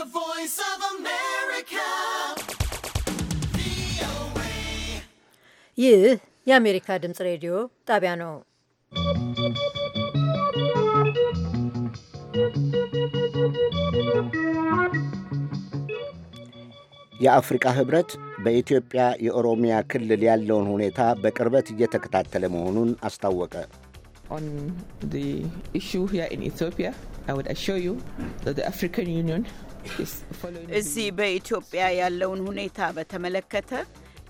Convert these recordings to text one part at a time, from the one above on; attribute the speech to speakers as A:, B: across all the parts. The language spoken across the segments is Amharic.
A: the
B: ይህ የአሜሪካ ድምፅ ሬዲዮ ጣቢያ ነው።
C: የአፍሪቃ ህብረት በኢትዮጵያ የኦሮሚያ ክልል ያለውን ሁኔታ በቅርበት እየተከታተለ መሆኑን አስታወቀ።
D: ኢትዮጵያ አፍሪካን
E: ዩኒየን እዚህ በኢትዮጵያ ያለውን ሁኔታ በተመለከተ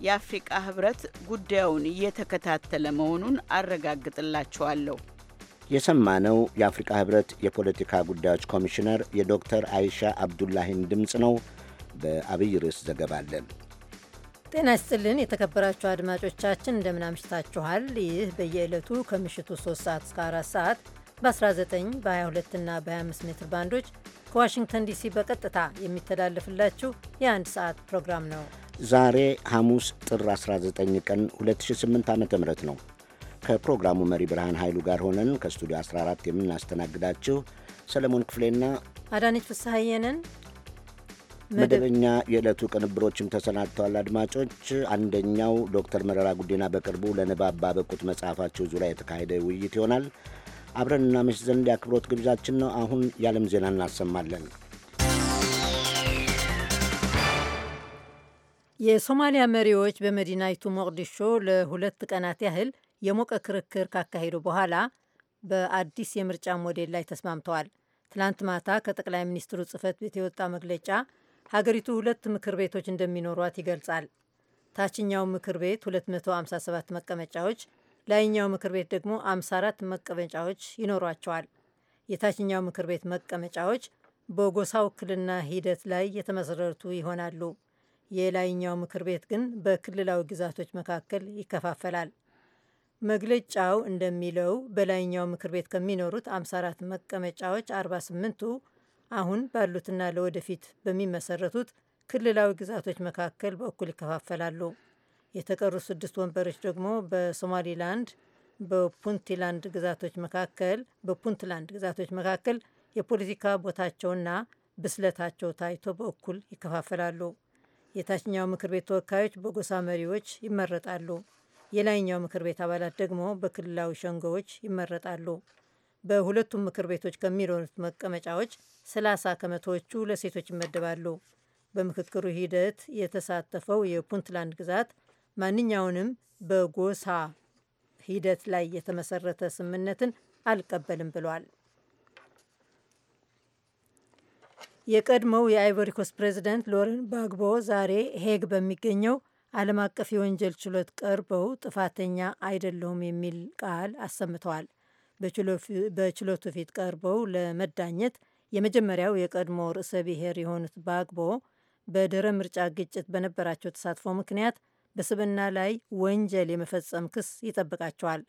E: የአፍሪቃ ህብረት ጉዳዩን እየተከታተለ መሆኑን አረጋግጥላችኋለሁ።
C: የሰማነው የአፍሪቃ ህብረት የፖለቲካ ጉዳዮች ኮሚሽነር የዶክተር አይሻ አብዱላሂን ድምፅ ነው። በአብይ ርዕስ ዘገባ አለን።
B: ጤና ይስጥልን የተከበራችሁ አድማጮቻችን እንደምን አምሽታችኋል። ይህ በየዕለቱ ከምሽቱ 3 ሰዓት እስከ 4 ሰዓት በ19 በ22 እና በ25 ሜትር ባንዶች ከዋሽንግተን ዲሲ በቀጥታ የሚተላለፍላችሁ የአንድ ሰዓት ፕሮግራም ነው።
C: ዛሬ ሐሙስ ጥር 19 ቀን 2008 ዓ ም ነው። ከፕሮግራሙ መሪ ብርሃን ኃይሉ ጋር ሆነን ከስቱዲዮ 14 የምናስተናግዳችሁ ሰለሞን ክፍሌና
B: አዳነች ፍስሐየንን። መደበኛ
C: የዕለቱ ቅንብሮችም ተሰናድተዋል። አድማጮች፣ አንደኛው ዶክተር መረራ ጉዲና በቅርቡ ለንባብ ባበቁት መጽሐፋቸው ዙሪያ የተካሄደ ውይይት ይሆናል። አብረን እናመሽ ዘንድ የአክብሮት ግብዣችን ነው። አሁን የዓለም ዜና እናሰማለን።
B: የሶማሊያ መሪዎች በመዲናይቱ ሞቅዲሾ ለሁለት ቀናት ያህል የሞቀ ክርክር ካካሄዱ በኋላ በአዲስ የምርጫ ሞዴል ላይ ተስማምተዋል። ትላንት ማታ ከጠቅላይ ሚኒስትሩ ጽህፈት ቤት የወጣ መግለጫ ሀገሪቱ ሁለት ምክር ቤቶች እንደሚኖሯት ይገልጻል። ታችኛው ምክር ቤት 257 መቀመጫዎች ላይኛው ምክር ቤት ደግሞ 54 መቀመጫዎች ይኖሯቸዋል። የታችኛው ምክር ቤት መቀመጫዎች በጎሳ ውክልና ሂደት ላይ የተመሰረቱ ይሆናሉ። የላይኛው ምክር ቤት ግን በክልላዊ ግዛቶች መካከል ይከፋፈላል። መግለጫው እንደሚለው በላይኛው ምክር ቤት ከሚኖሩት 54 መቀመጫዎች 48ቱ አሁን ባሉትና ለወደፊት በሚመሰረቱት ክልላዊ ግዛቶች መካከል በእኩል ይከፋፈላሉ። የተቀሩ ስድስት ወንበሮች ደግሞ በሶማሊላንድ በፑንትላንድ ግዛቶች መካከል በፑንትላንድ ግዛቶች መካከል የፖለቲካ ቦታቸውና ብስለታቸው ታይቶ በእኩል ይከፋፈላሉ። የታችኛው ምክር ቤት ተወካዮች በጎሳ መሪዎች ይመረጣሉ። የላይኛው ምክር ቤት አባላት ደግሞ በክልላዊ ሸንጎዎች ይመረጣሉ። በሁለቱም ምክር ቤቶች ከሚኖሩት መቀመጫዎች 30 ከመቶዎቹ ለሴቶች ይመደባሉ። በምክክሩ ሂደት የተሳተፈው የፑንትላንድ ግዛት ማንኛውንም በጎሳ ሂደት ላይ የተመሰረተ ስምምነትን አልቀበልም ብሏል። የቀድሞው የአይቮሪኮስ ፕሬዚደንት ሎረን ባግቦ ዛሬ ሄግ በሚገኘው ዓለም አቀፍ የወንጀል ችሎት ቀርበው ጥፋተኛ አይደለሁም የሚል ቃል አሰምተዋል። በችሎቱ ፊት ቀርበው ለመዳኘት የመጀመሪያው የቀድሞ ርዕሰ ብሔር የሆኑት ባግቦ በድህረ ምርጫ ግጭት በነበራቸው ተሳትፎ ምክንያት በስብና ላይ ወንጀል የመፈጸም ክስ ይጠብቃቸዋል።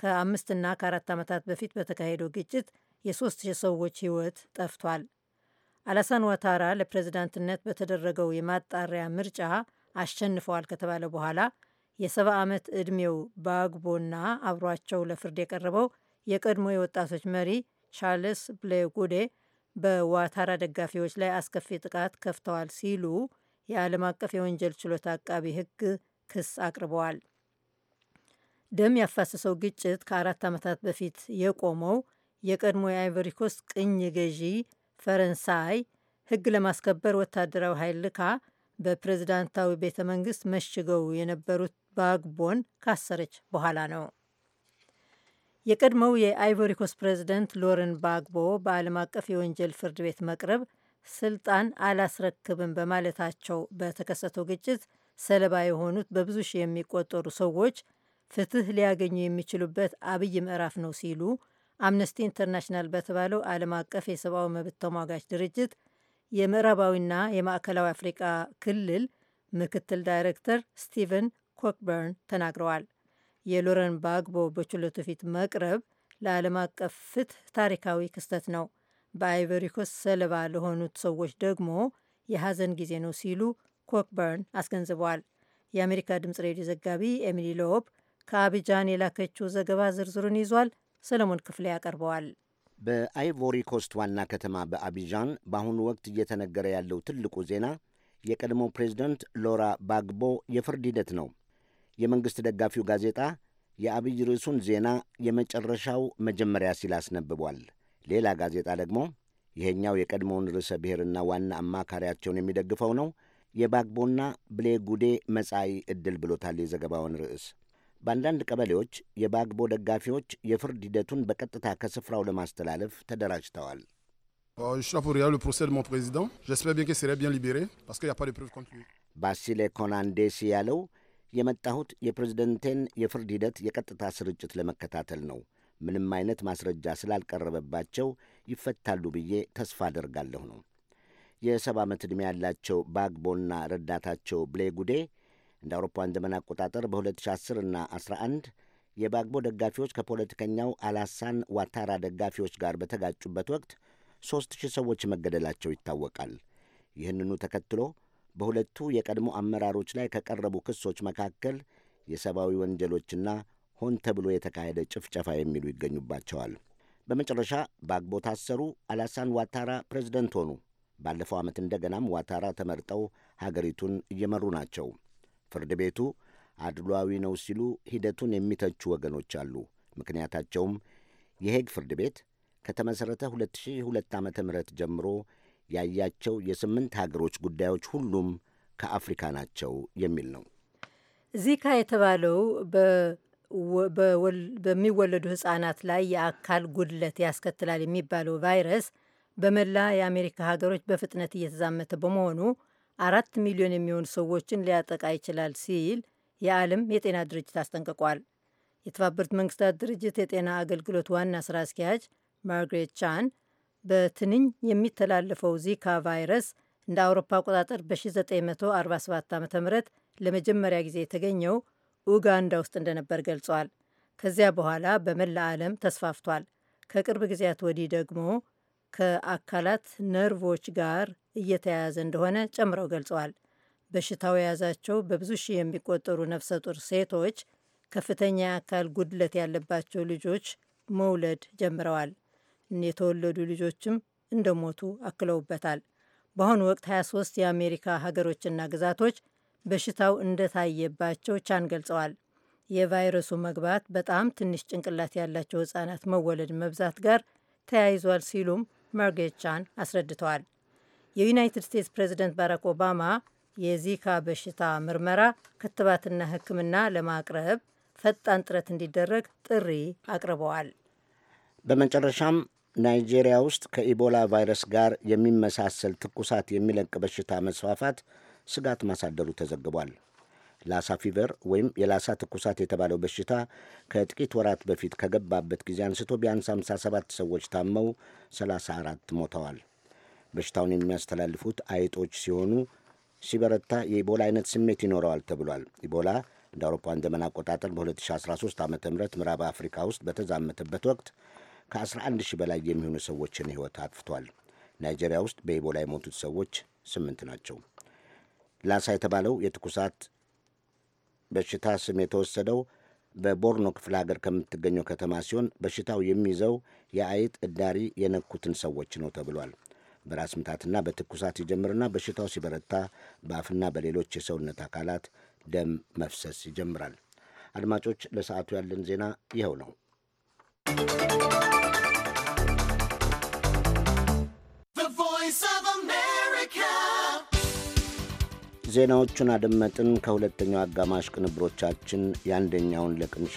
B: ከአምስትና ከአራት ዓመታት በፊት በተካሄደው ግጭት የሶስት ሺህ ሰዎች ህይወት ጠፍቷል። አላሳን ዋታራ ለፕሬዝዳንትነት በተደረገው የማጣሪያ ምርጫ አሸንፈዋል ከተባለ በኋላ የሰባ ዓመት ዕድሜው ባግቦና አብሯቸው ለፍርድ የቀረበው የቀድሞ የወጣቶች መሪ ቻርልስ ብሌ ጉዴ በዋታራ ደጋፊዎች ላይ አስከፊ ጥቃት ከፍተዋል ሲሉ የዓለም አቀፍ የወንጀል ችሎት አቃቢ ሕግ ክስ አቅርበዋል። ደም ያፋሰሰው ግጭት ከአራት ዓመታት በፊት የቆመው የቀድሞ የአይቨሪኮስ ኮስት ቅኝ ገዢ ፈረንሳይ ሕግ ለማስከበር ወታደራዊ ኃይል ልካ በፕሬዝዳንታዊ ቤተ መንግስት መሽገው የነበሩት ባግቦን ካሰረች በኋላ ነው። የቀድሞው የአይቮሪ ፕሬዝደንት ሎረን ባግቦ በዓለም አቀፍ የወንጀል ፍርድ ቤት መቅረብ ስልጣን አላስረክብም በማለታቸው በተከሰተው ግጭት ሰለባ የሆኑት በብዙ ሺህ የሚቆጠሩ ሰዎች ፍትህ ሊያገኙ የሚችሉበት አብይ ምዕራፍ ነው ሲሉ አምነስቲ ኢንተርናሽናል በተባለው ዓለም አቀፍ የሰብአዊ መብት ተሟጋች ድርጅት የምዕራባዊና የማዕከላዊ አፍሪቃ ክልል ምክትል ዳይሬክተር ስቲቨን ኮክበርን ተናግረዋል። የሎረን ባግቦ በችሎቱ ፊት መቅረብ ለዓለም አቀፍ ፍትህ ታሪካዊ ክስተት ነው። በአይቨሪኮስ ሰለባ ለሆኑት ሰዎች ደግሞ የሐዘን ጊዜ ነው ሲሉ ኮክበርን አስገንዝበዋል። የአሜሪካ ድምፅ ሬዲዮ ዘጋቢ ኤሚሊ ሎብ ከአቢጃን የላከችው ዘገባ ዝርዝሩን ይዟል። ሰለሞን ክፍሌ ያቀርበዋል።
C: በአይቮሪ ኮስት ዋና ከተማ በአቢጃን በአሁኑ ወቅት እየተነገረ ያለው ትልቁ ዜና የቀድሞው ፕሬዚደንት ሎራ ባግቦ የፍርድ ሂደት ነው። የመንግሥት ደጋፊው ጋዜጣ የአብይ ርዕሱን ዜና የመጨረሻው መጀመሪያ ሲል አስነብቧል። ሌላ ጋዜጣ ደግሞ ይሄኛው የቀድሞውን ርዕሰ ብሔርና ዋና አማካሪያቸውን የሚደግፈው ነው። የባግቦና ብሌጉዴ መጻኢ ዕድል ብሎታል የዘገባውን ርዕስ። በአንዳንድ ቀበሌዎች የባግቦ ደጋፊዎች የፍርድ ሂደቱን በቀጥታ ከስፍራው ለማስተላለፍ ተደራጅተዋል። ባሲሌ ኮናንዴሲ ያለው የመጣሁት የፕሬዝደንቴን የፍርድ ሂደት የቀጥታ ስርጭት ለመከታተል ነው ምንም አይነት ማስረጃ ስላልቀረበባቸው ይፈታሉ ብዬ ተስፋ አደርጋለሁ ነው። የሰባ ዓመት ዕድሜ ያላቸው ባግቦና ረዳታቸው ብሌ ጉዴ እንደ አውሮፓውያን ዘመን አቆጣጠር በ2010 እና 11 የባግቦ ደጋፊዎች ከፖለቲከኛው አላሳን ዋታራ ደጋፊዎች ጋር በተጋጩበት ወቅት ሦስት ሺህ ሰዎች መገደላቸው ይታወቃል። ይህንኑ ተከትሎ በሁለቱ የቀድሞ አመራሮች ላይ ከቀረቡ ክሶች መካከል የሰብአዊ ወንጀሎችና ሆን ተብሎ የተካሄደ ጭፍጨፋ የሚሉ ይገኙባቸዋል። በመጨረሻ ባግቦ ታሰሩ። አላሳን ዋታራ ፕሬዝደንት ሆኑ። ባለፈው ዓመት እንደገናም ዋታራ ተመርጠው ሀገሪቱን እየመሩ ናቸው። ፍርድ ቤቱ አድሏዊ ነው ሲሉ ሂደቱን የሚተቹ ወገኖች አሉ። ምክንያታቸውም የሄግ ፍርድ ቤት ከተመሠረተ 2002 ዓ ም ጀምሮ ያያቸው የስምንት ሀገሮች ጉዳዮች ሁሉም ከአፍሪካ ናቸው የሚል ነው።
B: ዚካ የተባለው በሚወለዱ ህጻናት ላይ የአካል ጉድለት ያስከትላል የሚባለው ቫይረስ በመላ የአሜሪካ ሀገሮች በፍጥነት እየተዛመተ በመሆኑ አራት ሚሊዮን የሚሆኑ ሰዎችን ሊያጠቃ ይችላል ሲል የዓለም የጤና ድርጅት አስጠንቅቋል። የተባበሩት መንግስታት ድርጅት የጤና አገልግሎት ዋና ስራ አስኪያጅ ማርግሬት ቻን በትንኝ የሚተላለፈው ዚካ ቫይረስ እንደ አውሮፓ አቆጣጠር በ1947 ዓ ም ለመጀመሪያ ጊዜ የተገኘው ኡጋንዳ ውስጥ እንደነበር ገልጿል። ከዚያ በኋላ በመላ ዓለም ተስፋፍቷል። ከቅርብ ጊዜያት ወዲህ ደግሞ ከአካላት ነርቮች ጋር እየተያያዘ እንደሆነ ጨምረው ገልጸዋል። በሽታው የያዛቸው በብዙ ሺህ የሚቆጠሩ ነፍሰ ጡር ሴቶች ከፍተኛ የአካል ጉድለት ያለባቸው ልጆች መውለድ ጀምረዋል። የተወለዱ ልጆችም እንደሞቱ አክለውበታል። በአሁኑ ወቅት 23 የአሜሪካ ሀገሮችና ግዛቶች በሽታው እንደታየባቸው ቻን ገልጸዋል። የቫይረሱ መግባት በጣም ትንሽ ጭንቅላት ያላቸው ህጻናት መወለድ መብዛት ጋር ተያይዟል ሲሉም መርጌት ቻን አስረድተዋል። የዩናይትድ ስቴትስ ፕሬዚደንት ባራክ ኦባማ የዚካ በሽታ ምርመራ፣ ክትባትና ሕክምና ለማቅረብ ፈጣን ጥረት እንዲደረግ ጥሪ አቅርበዋል።
C: በመጨረሻም ናይጄሪያ ውስጥ ከኢቦላ ቫይረስ ጋር የሚመሳሰል ትኩሳት የሚለቅ በሽታ መስፋፋት ስጋት ማሳደሩ ተዘግቧል። ላሳ ፊቨር ወይም የላሳ ትኩሳት የተባለው በሽታ ከጥቂት ወራት በፊት ከገባበት ጊዜ አንስቶ ቢያንስ 57 ሰዎች ታመው 34 ሞተዋል። በሽታውን የሚያስተላልፉት አይጦች ሲሆኑ ሲበረታ የኢቦላ አይነት ስሜት ይኖረዋል ተብሏል። ኢቦላ እንደ አውሮፓውያን ዘመን አቆጣጠር በ2013 ዓ ም ምዕራብ አፍሪካ ውስጥ በተዛመተበት ወቅት ከ11 ሺህ በላይ የሚሆኑ ሰዎችን ሕይወት አጥፍቷል። ናይጄሪያ ውስጥ በኢቦላ የሞቱት ሰዎች ስምንት ናቸው። ላሳ የተባለው የትኩሳት በሽታ ስም የተወሰደው በቦርኖ ክፍለ ሀገር ከምትገኘው ከተማ ሲሆን በሽታው የሚይዘው የአይጥ እዳሪ የነኩትን ሰዎች ነው ተብሏል። በራስ ምታትና በትኩሳት ይጀምርና በሽታው ሲበረታ በአፍና በሌሎች የሰውነት አካላት ደም መፍሰስ ይጀምራል። አድማጮች፣ ለሰዓቱ ያለን ዜና ይኸው ነው። ዜናዎቹን አደመጥን። ከሁለተኛው አጋማሽ ቅንብሮቻችን የአንደኛውን ለቅምሻ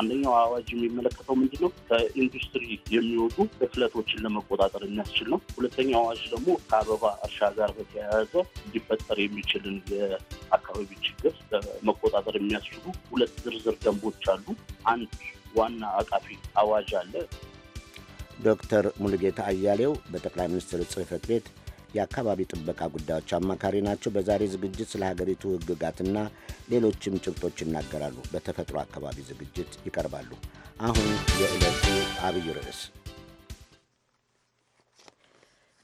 F: አንደኛው አዋጅ የሚመለከተው ምንድን ነው? ከኢንዱስትሪ የሚወጡ እፍለቶችን ለመቆጣጠር የሚያስችል ነው። ሁለተኛው አዋጅ ደግሞ ከአበባ እርሻ ጋር በተያያዘ ሊፈጠር የሚችልን የአካባቢ ችግር ለመቆጣጠር የሚያስችሉ ሁለት ዝርዝር ደንቦች አሉ። አንድ ዋና አቃፊ አዋጅ አለ።
C: ዶክተር ሙሉጌታ አያሌው በጠቅላይ ሚኒስትር ጽህፈት ቤት የአካባቢ ጥበቃ ጉዳዮች አማካሪ ናቸው። በዛሬ ዝግጅት ስለ ሀገሪቱ ሕግጋትና ሌሎችም ጭብጦች ይናገራሉ። በተፈጥሮ አካባቢ ዝግጅት ይቀርባሉ። አሁን የዕለቱ አብይ ርዕስ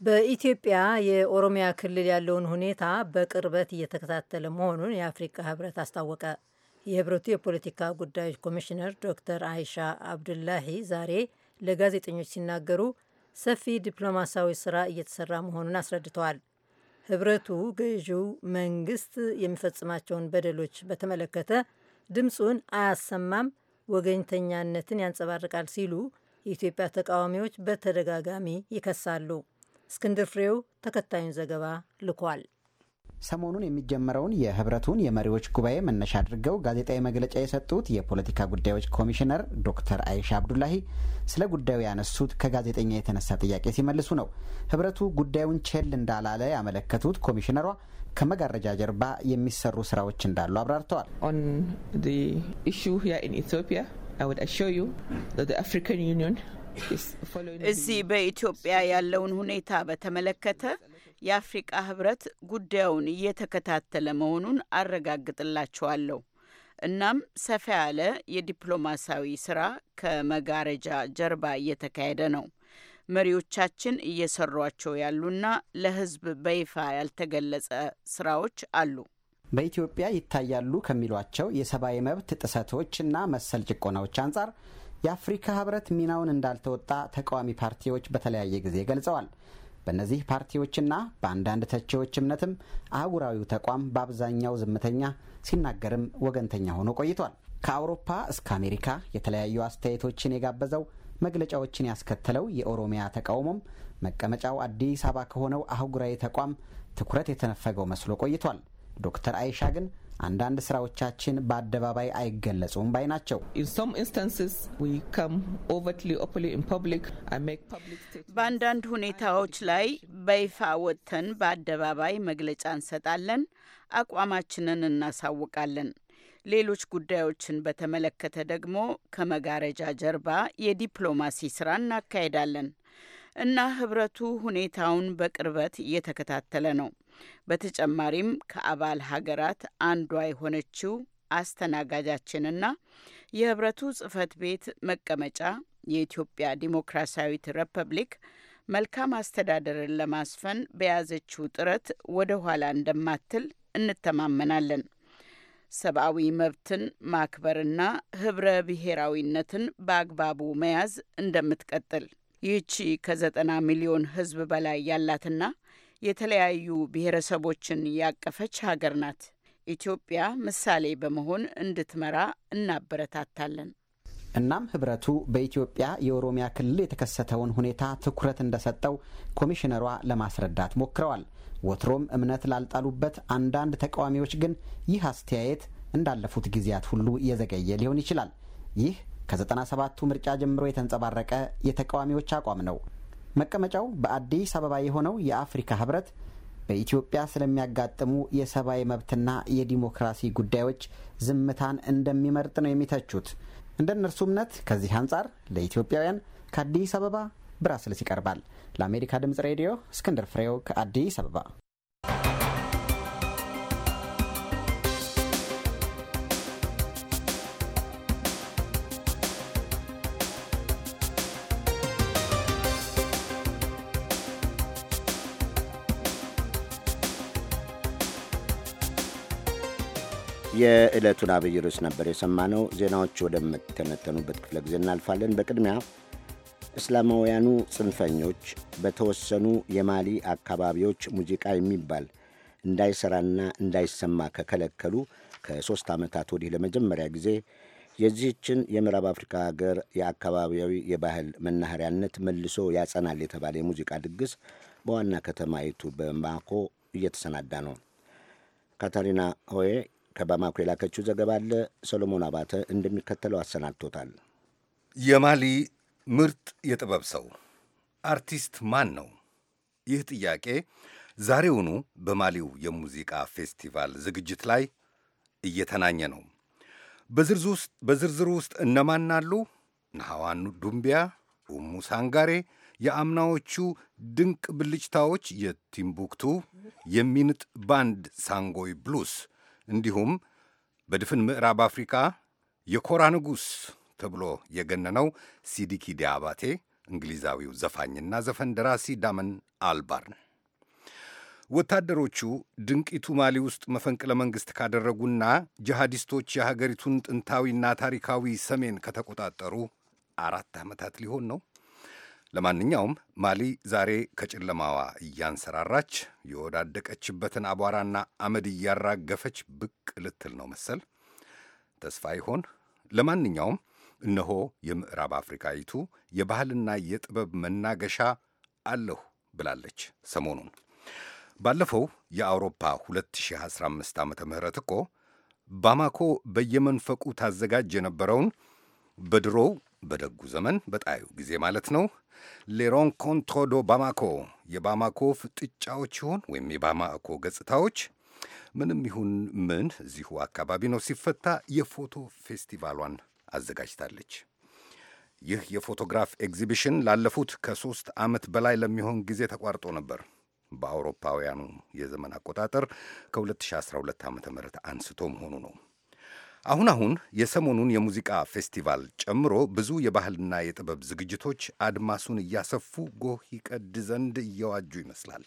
B: በኢትዮጵያ የኦሮሚያ ክልል ያለውን ሁኔታ በቅርበት እየተከታተለ መሆኑን የአፍሪካ ህብረት አስታወቀ። የህብረቱ የፖለቲካ ጉዳዮች ኮሚሽነር ዶክተር አይሻ አብዱላሂ ዛሬ ለጋዜጠኞች ሲናገሩ ሰፊ ዲፕሎማሲያዊ ስራ እየተሰራ መሆኑን አስረድተዋል። ህብረቱ ገዢው መንግስት የሚፈጽማቸውን በደሎች በተመለከተ ድምፁን አያሰማም፣ ወገኝተኛነትን ያንጸባርቃል ሲሉ የኢትዮጵያ ተቃዋሚዎች በተደጋጋሚ ይከሳሉ። እስክንድር ፍሬው ተከታዩን ዘገባ ልኳል።
A: ሰሞኑን የሚጀመረውን የህብረቱን የመሪዎች ጉባኤ መነሻ አድርገው ጋዜጣዊ መግለጫ የሰጡት የፖለቲካ ጉዳዮች ኮሚሽነር ዶክተር አይሻ አብዱላሂ ስለ ጉዳዩ ያነሱት ከጋዜጠኛ የተነሳ ጥያቄ ሲመልሱ ነው። ህብረቱ ጉዳዩን ቸል እንዳላለ ያመለከቱት ኮሚሽነሯ ከመጋረጃ ጀርባ የሚሰሩ ስራዎች እንዳሉ
D: አብራርተዋል።
E: እዚህ በኢትዮጵያ ያለውን ሁኔታ በተመለከተ የአፍሪቃ ህብረት ጉዳዩን እየተከታተለ መሆኑን አረጋግጥላቸዋለሁ። እናም ሰፋ ያለ የዲፕሎማሲያዊ ስራ ከመጋረጃ ጀርባ እየተካሄደ ነው። መሪዎቻችን እየሰሯቸው ያሉና ለህዝብ በይፋ ያልተገለጸ ስራዎች አሉ።
A: በኢትዮጵያ ይታያሉ ከሚሏቸው የሰብአዊ መብት ጥሰቶችና መሰል ጭቆናዎች አንጻር የአፍሪካ ህብረት ሚናውን እንዳልተወጣ ተቃዋሚ ፓርቲዎች በተለያየ ጊዜ ገልጸዋል። በእነዚህ ፓርቲዎችና በአንዳንድ ተቺዎች እምነትም አህጉራዊው ተቋም በአብዛኛው ዝምተኛ፣ ሲናገርም ወገንተኛ ሆኖ ቆይቷል። ከአውሮፓ እስከ አሜሪካ የተለያዩ አስተያየቶችን የጋበዘው መግለጫዎችን ያስከተለው የኦሮሚያ ተቃውሞም መቀመጫው አዲስ አበባ ከሆነው አህጉራዊ ተቋም ትኩረት የተነፈገው መስሎ ቆይቷል። ዶክተር አይሻ ግን አንዳንድ ስራዎቻችን በአደባባይ አይገለጹም ባይ ናቸው።
E: በአንዳንድ ሁኔታዎች ላይ በይፋ ወጥተን በአደባባይ መግለጫ እንሰጣለን፣ አቋማችንን እናሳውቃለን። ሌሎች ጉዳዮችን በተመለከተ ደግሞ ከመጋረጃ ጀርባ የዲፕሎማሲ ስራ እናካሄዳለን እና ህብረቱ ሁኔታውን በቅርበት እየተከታተለ ነው። በተጨማሪም ከአባል ሀገራት አንዷ የሆነችው አስተናጋጃችንና የህብረቱ ጽህፈት ቤት መቀመጫ የኢትዮጵያ ዲሞክራሲያዊት ሪፐብሊክ መልካም አስተዳደርን ለማስፈን በያዘችው ጥረት ወደ ኋላ እንደማትል እንተማመናለን። ሰብአዊ መብትን ማክበርና ህብረ ብሔራዊነትን በአግባቡ መያዝ እንደምትቀጥል ይህቺ ከዘጠና ሚሊዮን ህዝብ በላይ ያላትና የተለያዩ ብሔረሰቦችን ያቀፈች ሀገር ናት። ኢትዮጵያ ምሳሌ በመሆን እንድትመራ እናበረታታለን።
A: እናም ህብረቱ በኢትዮጵያ የኦሮሚያ ክልል የተከሰተውን ሁኔታ ትኩረት እንደሰጠው ኮሚሽነሯ ለማስረዳት ሞክረዋል። ወትሮም እምነት ላልጣሉበት አንዳንድ ተቃዋሚዎች ግን ይህ አስተያየት እንዳለፉት ጊዜያት ሁሉ እየዘገየ ሊሆን ይችላል። ይህ ከ97ቱ ምርጫ ጀምሮ የተንጸባረቀ የተቃዋሚዎች አቋም ነው። መቀመጫው በአዲስ አበባ የሆነው የአፍሪካ ህብረት በኢትዮጵያ ስለሚያጋጥሙ የሰብአዊ መብትና የዲሞክራሲ ጉዳዮች ዝምታን እንደሚመርጥ ነው የሚተቹት። እንደ እነርሱ እምነት ከዚህ አንጻር ለኢትዮጵያውያን ከአዲስ አበባ ብራስልስ ይቀርባል። ለአሜሪካ ድምፅ ሬዲዮ እስክንድር ፍሬው ከአዲስ አበባ
C: የዕለቱን አብይ ርዕስ ነበር የሰማነው። ዜናዎች ወደሚተነተኑበት ክፍለ ጊዜ እናልፋለን። በቅድሚያ እስላማውያኑ ጽንፈኞች በተወሰኑ የማሊ አካባቢዎች ሙዚቃ የሚባል እንዳይሰራና እንዳይሰማ ከከለከሉ ከሦስት ዓመታት ወዲህ ለመጀመሪያ ጊዜ የዚህችን የምዕራብ አፍሪካ ሀገር የአካባቢያዊ የባህል መናኸሪያነት መልሶ ያጸናል የተባለ የሙዚቃ ድግስ በዋና ከተማይቱ በማኮ እየተሰናዳ ነው። ካታሪና ሆዬ ከባማኮ የላከችው ዘገባ አለ። ሰሎሞን አባተ እንደሚከተለው አሰናድቶታል።
G: የማሊ ምርጥ የጥበብ ሰው አርቲስት ማን ነው? ይህ ጥያቄ ዛሬውኑ በማሊው የሙዚቃ ፌስቲቫል ዝግጅት ላይ እየተናኘ ነው። በዝርዝሩ ውስጥ እነማን አሉ? ነሐዋኑ ዱምቢያ፣ ኡሙ ሳንጋሬ፣ የአምናዎቹ ድንቅ ብልጭታዎች የቲምቡክቱ የሚንጥ ባንድ ሳንጎይ ብሉስ እንዲሁም በድፍን ምዕራብ አፍሪካ የኮራ ንጉሥ ተብሎ የገነነው ሲዲኪ ዲያባቴ እንግሊዛዊው ዘፋኝና ዘፈን ደራሲ ዳመን አልባርን ወታደሮቹ ድንቂቱ ማሊ ውስጥ መፈንቅለ መንግሥት ካደረጉና ጂሃዲስቶች የሀገሪቱን ጥንታዊና ታሪካዊ ሰሜን ከተቆጣጠሩ አራት ዓመታት ሊሆን ነው ለማንኛውም ማሊ ዛሬ ከጨለማዋ እያንሰራራች የወዳደቀችበትን አቧራና አመድ እያራገፈች ብቅ ልትል ነው መሰል። ተስፋ ይሆን? ለማንኛውም እነሆ የምዕራብ አፍሪካዊቱ የባህልና የጥበብ መናገሻ አለሁ ብላለች። ሰሞኑን ባለፈው የአውሮፓ 2015 ዓ ም እኮ ባማኮ በየመንፈቁ ታዘጋጅ የነበረውን በድሮው በደጉ ዘመን በጣዩ ጊዜ ማለት ነው። ሌሮን ኮንቶ ዶ ባማኮ የባማኮ ፍጥጫዎች ይሆን ወይም የባማኮ ገጽታዎች ምንም ይሁን ምን እዚሁ አካባቢ ነው ሲፈታ የፎቶ ፌስቲቫሏን አዘጋጅታለች። ይህ የፎቶግራፍ ኤግዚቢሽን ላለፉት ከሦስት ዓመት በላይ ለሚሆን ጊዜ ተቋርጦ ነበር። በአውሮፓውያኑ የዘመን አቆጣጠር ከ2012 ዓ ም አንስቶ መሆኑ ነው። አሁን አሁን የሰሞኑን የሙዚቃ ፌስቲቫል ጨምሮ ብዙ የባህልና የጥበብ ዝግጅቶች አድማሱን እያሰፉ ጎህ ይቀድ ዘንድ እየዋጁ ይመስላል።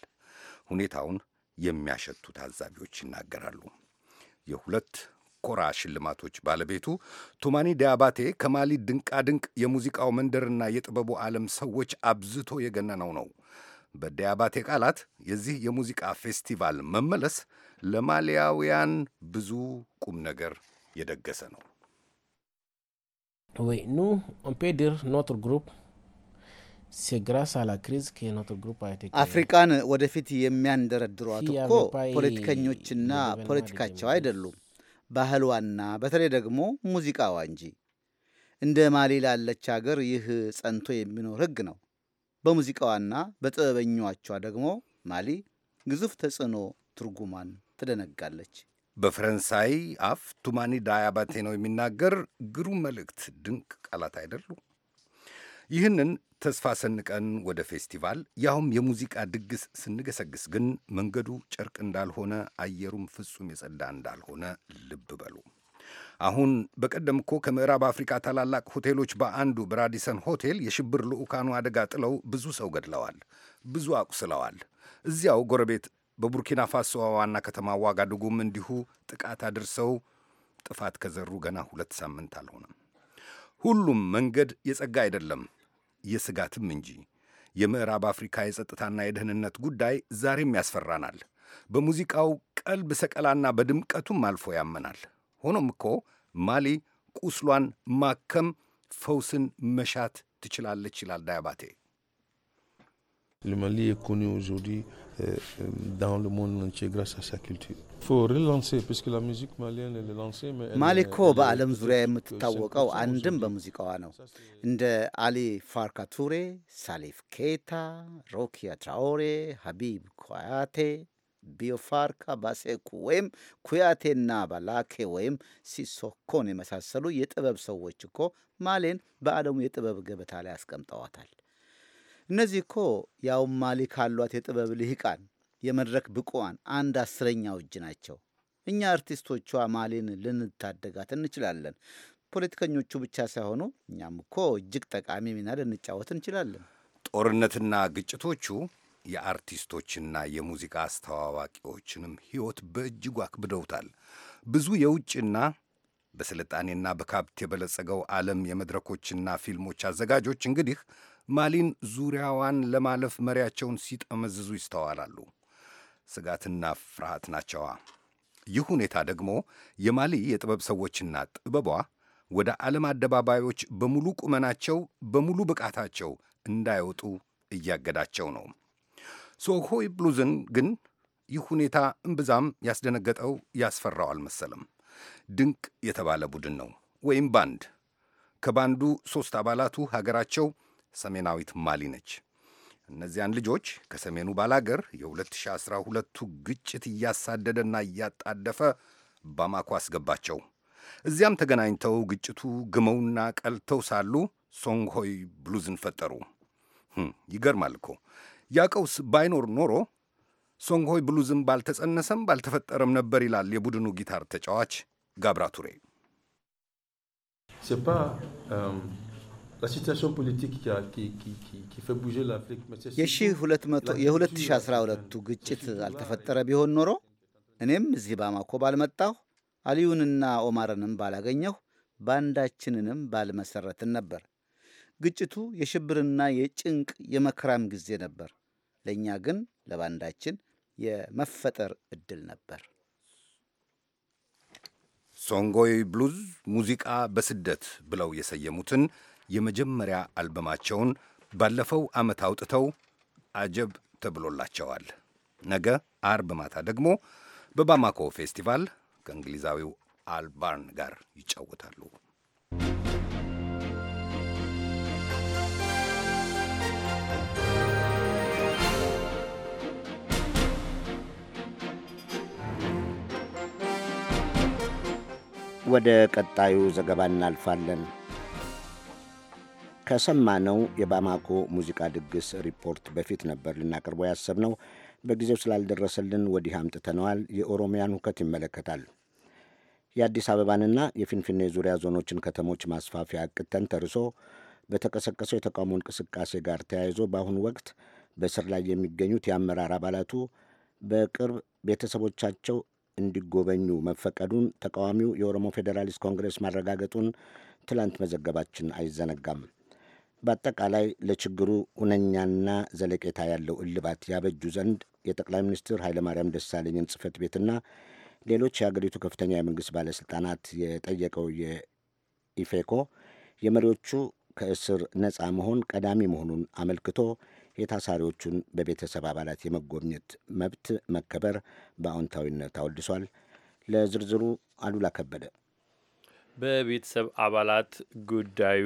G: ሁኔታውን የሚያሸቱ ታዛቢዎች ይናገራሉ። የሁለት ኮራ ሽልማቶች ባለቤቱ ቱማኒ ዲያባቴ ከማሊ ድንቃድንቅ የሙዚቃው መንደርና የጥበቡ ዓለም ሰዎች አብዝቶ የገነነው ነው። በዲያባቴ ቃላት የዚህ የሙዚቃ ፌስቲቫል መመለስ ለማሊያውያን ብዙ ቁም ነገር የደገሰ ነው።
H: ወይ ኑ ኦምፔድር ኖትር ግሩፕ
I: አፍሪቃን ወደፊት የሚያንደረድሯት እኮ ፖለቲከኞችና ፖለቲካቸው አይደሉም፣ ባህሏና በተለይ ደግሞ ሙዚቃዋ እንጂ። እንደ ማሊ ላለች አገር ይህ ጸንቶ የሚኖር ሕግ ነው። በሙዚቃዋና በጥበበኞቿ ደግሞ ማሊ
G: ግዙፍ ተጽዕኖ ትርጉሟን ትደነጋለች። በፈረንሳይ አፍ ቱማኒ ዳያባቴ ነው የሚናገር። ግሩም መልእክት፣ ድንቅ ቃላት አይደሉ? ይህንን ተስፋ ሰንቀን ወደ ፌስቲቫል ያውም የሙዚቃ ድግስ ስንገሰግስ ግን መንገዱ ጨርቅ እንዳልሆነ አየሩም ፍጹም የጸዳ እንዳልሆነ ልብ በሉ። አሁን በቀደም እኮ ከምዕራብ አፍሪካ ታላላቅ ሆቴሎች በአንዱ በራዲሰን ሆቴል የሽብር ልዑካኑ አደጋ ጥለው ብዙ ሰው ገድለዋል፣ ብዙ አቁስለዋል። እዚያው ጎረቤት በቡርኪና ፋሶ ዋና ከተማ ዋጋዱጉም እንዲሁ ጥቃት አድርሰው ጥፋት ከዘሩ ገና ሁለት ሳምንት አልሆነም። ሁሉም መንገድ የጸጋ አይደለም፣ የስጋትም እንጂ። የምዕራብ አፍሪካ የጸጥታና የደህንነት ጉዳይ ዛሬም ያስፈራናል። በሙዚቃው ቀልብ ሰቀላና በድምቀቱም አልፎ ያመናል። ሆኖም እኮ ማሊ ቁስሏን ማከም ፈውስን መሻት ትችላለች ይላል ዳያባቴ።
I: ማሊኮ በዓለም ዙሪያ የምትታወቀው አንድም በሙዚቃዋ ነው። እንደ አሊ ፋርካቱሬ፣ ሳሊፍ ኬታ፣ ሮኪያ ትራኦሬ፣ ሀቢብ ኩያቴ፣ ቢዮፋርካ ባሴኩ ወይም ኩያቴና ባላኬ ወይም ሲሶኮን የመሳሰሉ የጥበብ ሰዎች እኮ ማሌን በዓለሙ የጥበብ ገበታ ላይ አስቀምጠዋታል። እነዚህ እኮ ያውም ማሊ ካሏት የጥበብ ልሂቃን የመድረክ ብቁዋን አንድ አስረኛው እጅ ናቸው። እኛ አርቲስቶቿ ማሊን ልንታደጋት እንችላለን። ፖለቲከኞቹ ብቻ ሳይሆኑ እኛም እኮ እጅግ ጠቃሚ
G: ሚና ልንጫወት እንችላለን። ጦርነትና ግጭቶቹ የአርቲስቶችና የሙዚቃ አስተዋዋቂዎችንም ሕይወት በእጅጉ አክብደውታል። ብዙ የውጭና በስልጣኔና በካብት የበለጸገው ዓለም የመድረኮችና ፊልሞች አዘጋጆች እንግዲህ ማሊን ዙሪያዋን ለማለፍ መሪያቸውን ሲጠመዝዙ ይስተዋላሉ። ስጋትና ፍርሃት ናቸዋ። ይህ ሁኔታ ደግሞ የማሊ የጥበብ ሰዎችና ጥበቧ ወደ ዓለም አደባባዮች በሙሉ ቁመናቸው፣ በሙሉ ብቃታቸው እንዳይወጡ እያገዳቸው ነው። ሶሆይ ብሉዝን ግን ይህ ሁኔታ እምብዛም ያስደነገጠው ያስፈራው አልመሰለም። ድንቅ የተባለ ቡድን ነው ወይም ባንድ። ከባንዱ ሦስት አባላቱ ሀገራቸው ሰሜናዊት ማሊ ነች። እነዚያን ልጆች ከሰሜኑ ባላገር የ2012ቱ ግጭት እያሳደደና እያጣደፈ ባማኮ አስገባቸው። እዚያም ተገናኝተው ግጭቱ ግመውና ቀልተው ሳሉ ሶንግሆይ ብሉዝን ፈጠሩ። ይገርማል እኮ ያ ቀውስ ባይኖር ኖሮ ሶንግሆይ ብሉዝም ባልተጸነሰም ባልተፈጠረም ነበር ይላል የቡድኑ ጊታር ተጫዋች
F: ጋብራቱሬ። የ2012ቱ
I: ግጭት አልተፈጠረ ቢሆን ኖሮ እኔም እዚህ ባማኮ ባልመጣሁ፣ አልዩንና ኦማርንም ባላገኘሁ፣ ባንዳችንንም ባልመሰረትን ነበር። ግጭቱ የሽብርና የጭንቅ የመከራም ጊዜ ነበር። ለእኛ ግን ለባንዳችን የመፈጠር እድል ነበር።
G: ሶንጎይ ብሉዝ ሙዚቃ በስደት ብለው የሰየሙትን የመጀመሪያ አልበማቸውን ባለፈው ዓመት አውጥተው አጀብ ተብሎላቸዋል። ነገ አርብ ማታ ደግሞ በባማኮ ፌስቲቫል ከእንግሊዛዊው አልባርን ጋር ይጫወታሉ።
C: ወደ ቀጣዩ ዘገባ እናልፋለን። ከሰማነው የባማኮ ሙዚቃ ድግስ ሪፖርት በፊት ነበር ልናቀርበው ያሰብነው። በጊዜው ስላልደረሰልን ወዲህ አምጥተነዋል። የኦሮሚያን ሁከት ይመለከታል። የአዲስ አበባንና የፊንፊኔ ዙሪያ ዞኖችን ከተሞች ማስፋፊያ እቅድ ተንተርሶ በተቀሰቀሰው የተቃውሞ እንቅስቃሴ ጋር ተያይዞ በአሁኑ ወቅት በስር ላይ የሚገኙት የአመራር አባላቱ በቅርብ ቤተሰቦቻቸው እንዲጎበኙ መፈቀዱን ተቃዋሚው የኦሮሞ ፌዴራሊስት ኮንግሬስ ማረጋገጡን ትላንት መዘገባችን አይዘነጋም። በአጠቃላይ ለችግሩ ሁነኛና ዘለቄታ ያለው እልባት ያበጁ ዘንድ የጠቅላይ ሚኒስትር ኃይለማርያም ደሳለኝን ጽህፈት ቤትና ሌሎች የአገሪቱ ከፍተኛ የመንግሥት ባለሥልጣናት የጠየቀው የኢፌኮ የመሪዎቹ ከእስር ነፃ መሆን ቀዳሚ መሆኑን አመልክቶ የታሳሪዎቹን በቤተሰብ አባላት የመጎብኘት መብት መከበር በአዎንታዊነት አወድሷል። ለዝርዝሩ አሉላ ከበደ።
J: በቤተሰብ አባላት ጉዳዩ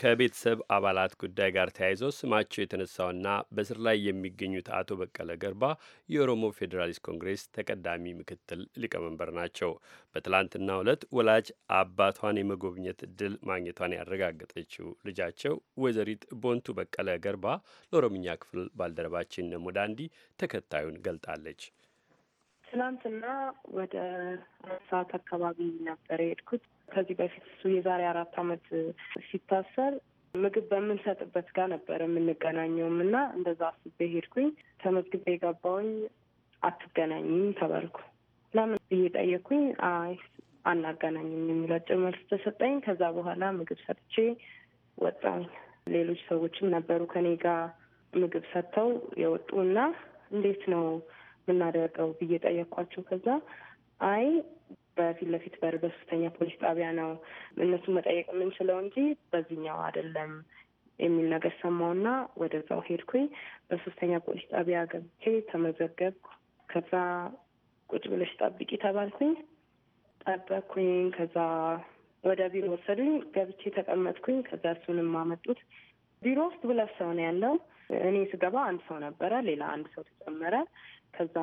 J: ከቤተሰብ አባላት ጉዳይ ጋር ተያይዞ ስማቸው የተነሳውና በስር ላይ የሚገኙት አቶ በቀለ ገርባ የኦሮሞ ፌዴራሊስት ኮንግሬስ ተቀዳሚ ምክትል ሊቀመንበር ናቸው። በትላንትናው ዕለት ወላጅ አባቷን የመጎብኘት እድል ማግኘቷን ያረጋገጠችው ልጃቸው ወይዘሪት ቦንቱ በቀለ ገርባ ለኦሮምኛ ክፍል ባልደረባችን ነሙዳ ተከታዩን ገልጣለች።
K: ትናንትና ወደ ሰዓት አካባቢ ነበር የሄድኩት ከዚህ በፊት እሱ የዛሬ አራት ዓመት ሲታሰር ምግብ በምንሰጥበት ጋር ነበር የምንገናኘውም እና እንደዛ አስቤ ሄድኩኝ። ተመዝግቤ የገባውኝ አትገናኝም ተባልኩ። ለምን ብዬ ጠየኩኝ። አይ አናገናኝም የሚል አጭር መልስ ተሰጠኝ። ከዛ በኋላ ምግብ ሰጥቼ ወጣኝ። ሌሎች ሰዎችም ነበሩ ከኔ ጋር ምግብ ሰጥተው የወጡ እና እንዴት ነው የምናደርገው ብዬ ጠየኳቸው። ከዛ አይ በፊት ለፊት በር በሶስተኛ ፖሊስ ጣቢያ ነው እነሱን መጠየቅ የምንችለው እንጂ በዚህኛው አይደለም የሚል ነገር ሰማውና ወደዛው ሄድኩኝ። በሶስተኛ ፖሊስ ጣቢያ ገብቼ ተመዘገብኩ። ከዛ ቁጭ ብለሽ ጠብቂ ተባልኩኝ። ጠበኩኝ። ከዛ ወደ ቢሮ ወሰዱኝ። ገብቼ ተቀመጥኩኝ። ከዛ እሱንም አመጡት። ቢሮ ውስጥ ሁለት ሰው ነው ያለው። እኔ ስገባ አንድ ሰው ነበረ፣ ሌላ አንድ ሰው ተጨመረ። ከዛ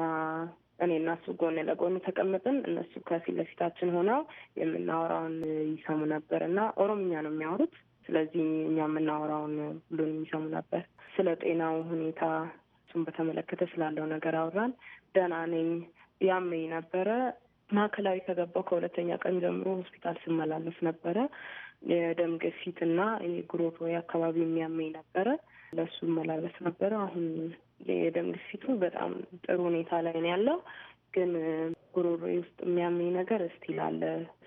K: እኔ እና እሱ ጎን ለጎን ተቀምጥን እነሱ ከፊት ለፊታችን ሆነው የምናወራውን ይሰሙ ነበር እና ኦሮምኛ ነው የሚያወሩት። ስለዚህ እኛ የምናወራውን ሁሉን የሚሰሙ ነበር። ስለ ጤናው ሁኔታ እሱን በተመለከተ ስላለው ነገር አውራን። ደህና ነኝ፣ ያመኝ ነበረ። ማዕከላዊ ከገባው ከሁለተኛ ቀን ጀምሮ ሆስፒታል ስመላለስ ነበረ። የደም ግፊት እና ጉሮሮዬ አካባቢ የሚያመኝ ነበረ። ለእሱ መላለስ ነበረ አሁን የደም ግፊቱ በጣም ጥሩ ሁኔታ ላይ ነው ያለው። ግን ጉሮሮዬ ውስጥ የሚያመኝ ነገር እስቲል አለ፣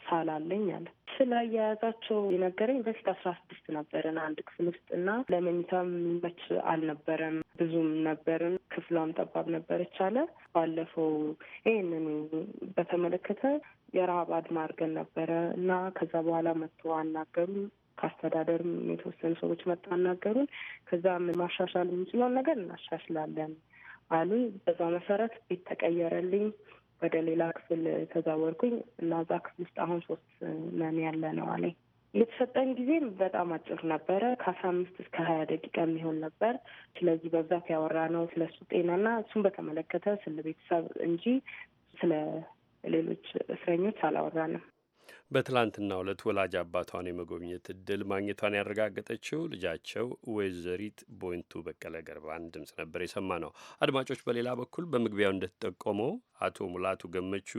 K: ሳል አለኝ አለ። ስለ አያያዛቸው የነገረኝ በፊት አስራ ስድስት ነበርን አንድ ክፍል ውስጥ እና ለመኝታ የሚመች አልነበረም ብዙም ነበርን። ክፍሏም ጠባብ ነበረች አለ። ባለፈው ይህንን በተመለከተ የረሃብ አድማ አድርገን ነበረ እና ከዛ በኋላ መጥቶ አናገሩ ከአስተዳደርም የተወሰኑ ሰዎች መጣ አናገሩን። ከዛ ማሻሻል የምንችለውን ነገር እናሻሽላለን አሉኝ። በዛ መሰረት ቤት ተቀየረልኝ። ወደ ሌላ ክፍል ተዛወርኩኝ እና እዛ ክፍል ውስጥ አሁን ሶስት ነን ያለ ነው አለኝ። የተሰጠን ጊዜም በጣም አጭር ነበረ። ከአስራ አምስት እስከ ሀያ ደቂቃ የሚሆን ነበር። ስለዚህ በብዛት ያወራ ነው ስለ እሱ ጤናና እሱን በተመለከተ ስለ ቤተሰብ እንጂ ስለ ሌሎች እስረኞች አላወራንም።
J: በትላንትናው ዕለት ወላጅ አባቷን የመጎብኘት እድል ማግኘቷን ያረጋገጠችው ልጃቸው ወይዘሪት ቦይንቱ በቀለ ገርባን ድምጽ ነበር የሰማ ነው። አድማጮች፣ በሌላ በኩል በመግቢያው እንደተጠቆመው አቶ ሙላቱ ገመቹ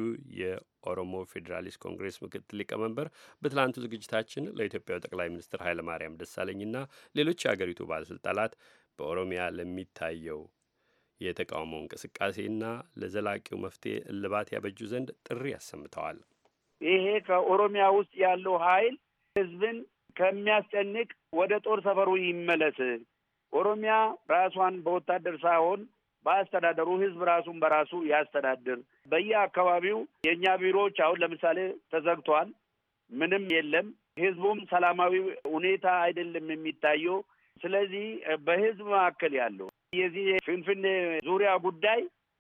J: የኦሮሞ ፌዴራሊስት ኮንግሬስ ምክትል ሊቀመንበር በትላንቱ ዝግጅታችን ለኢትዮጵያው ጠቅላይ ሚኒስትር ኃይለማርያም ደሳለኝና ሌሎች የአገሪቱ ባለስልጣናት በኦሮሚያ ለሚታየው የተቃውሞ እንቅስቃሴና ለዘላቂው መፍትሄ እልባት ያበጁ ዘንድ ጥሪ አሰምተዋል።
F: ይሄ ከኦሮሚያ ውስጥ ያለው ኃይል ህዝብን ከሚያስጨንቅ ወደ ጦር ሰፈሩ ይመለስ። ኦሮሚያ ራሷን በወታደር ሳይሆን በአስተዳደሩ ህዝብ ራሱን በራሱ ያስተዳድር። በየአካባቢው የእኛ ቢሮዎች አሁን ለምሳሌ ተዘግቷል፣ ምንም የለም። ህዝቡም ሰላማዊ ሁኔታ አይደለም የሚታየው። ስለዚህ በህዝብ መካከል ያለው የዚህ ፍንፍኔ ዙሪያ ጉዳይ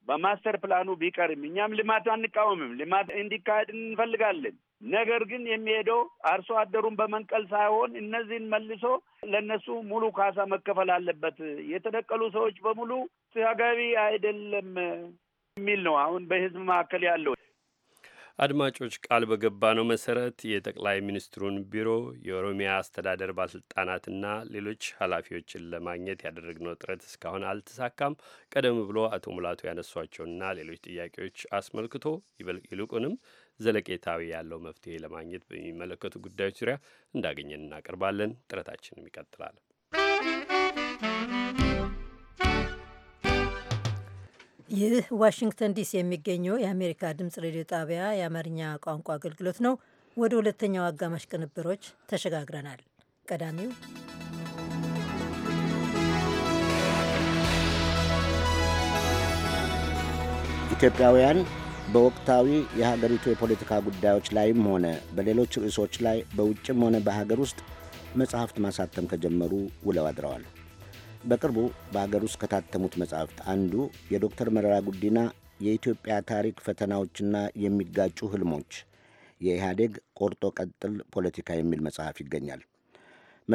F: በማስተር ፕላኑ ቢቀርም እኛም ልማት አንቃወምም፣ ልማት እንዲካሄድ እንፈልጋለን። ነገር ግን የሚሄደው አርሶ አደሩን በመንቀል ሳይሆን እነዚህን መልሶ ለእነሱ ሙሉ ካሳ መከፈል አለበት። የተደቀሉ ሰዎች በሙሉ ተገቢ አይደለም የሚል ነው አሁን በህዝብ መካከል ያለው
J: አድማጮች ቃል በገባ ነው መሰረት የጠቅላይ ሚኒስትሩን ቢሮ የኦሮሚያ አስተዳደር ባለስልጣናትና ሌሎች ኃላፊዎችን ለማግኘት ያደረግነው ጥረት እስካሁን አልተሳካም። ቀደም ብሎ አቶ ሙላቱ ያነሷቸውና ሌሎች ጥያቄዎች አስመልክቶ ይልቁንም ዘለቄታዊ ያለው መፍትሄ ለማግኘት በሚመለከቱ ጉዳዮች ዙሪያ እንዳገኘን እናቀርባለን። ጥረታችንም ይቀጥላል።
B: ይህ ዋሽንግተን ዲሲ የሚገኘው የአሜሪካ ድምፅ ሬዲዮ ጣቢያ የአማርኛ ቋንቋ አገልግሎት ነው። ወደ ሁለተኛው አጋማሽ ቅንብሮች ተሸጋግረናል። ቀዳሚው
C: ኢትዮጵያውያን በወቅታዊ የሀገሪቱ የፖለቲካ ጉዳዮች ላይም ሆነ በሌሎች ርዕሶች ላይ በውጭም ሆነ በሀገር ውስጥ መጽሐፍት ማሳተም ከጀመሩ ውለው አድረዋል። በቅርቡ በአገር ውስጥ ከታተሙት መጻሕፍት አንዱ የዶክተር መረራ ጉዲና የኢትዮጵያ ታሪክ ፈተናዎችና የሚጋጩ ህልሞች የኢህአዴግ ቆርጦ ቀጥል ፖለቲካ የሚል መጽሐፍ ይገኛል።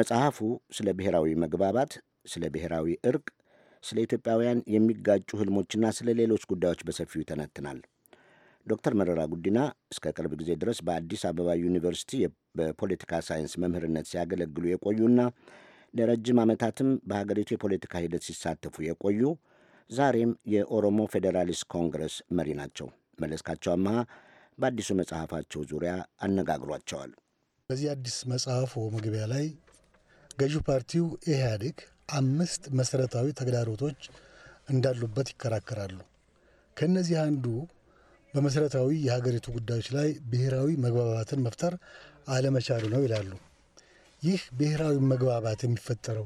C: መጽሐፉ ስለ ብሔራዊ መግባባት፣ ስለ ብሔራዊ እርቅ፣ ስለ ኢትዮጵያውያን የሚጋጩ ህልሞችና ስለ ሌሎች ጉዳዮች በሰፊው ይተነትናል። ዶክተር መረራ ጉዲና እስከ ቅርብ ጊዜ ድረስ በአዲስ አበባ ዩኒቨርሲቲ በፖለቲካ ሳይንስ መምህርነት ሲያገለግሉ የቆዩና ለረጅም ዓመታትም በሀገሪቱ የፖለቲካ ሂደት ሲሳተፉ የቆዩ ዛሬም የኦሮሞ ፌዴራሊስት ኮንግረስ መሪ ናቸው። መለስካቸው አመሃ በአዲሱ መጽሐፋቸው ዙሪያ
L: አነጋግሯቸዋል። በዚህ አዲስ መጽሐፉ መግቢያ ላይ ገዢው ፓርቲው ኢህአዴግ አምስት መሠረታዊ ተግዳሮቶች እንዳሉበት ይከራከራሉ። ከእነዚህ አንዱ በመሠረታዊ የሀገሪቱ ጉዳዮች ላይ ብሔራዊ መግባባትን መፍጠር አለመቻሉ ነው ይላሉ። ይህ ብሔራዊ መግባባት የሚፈጠረው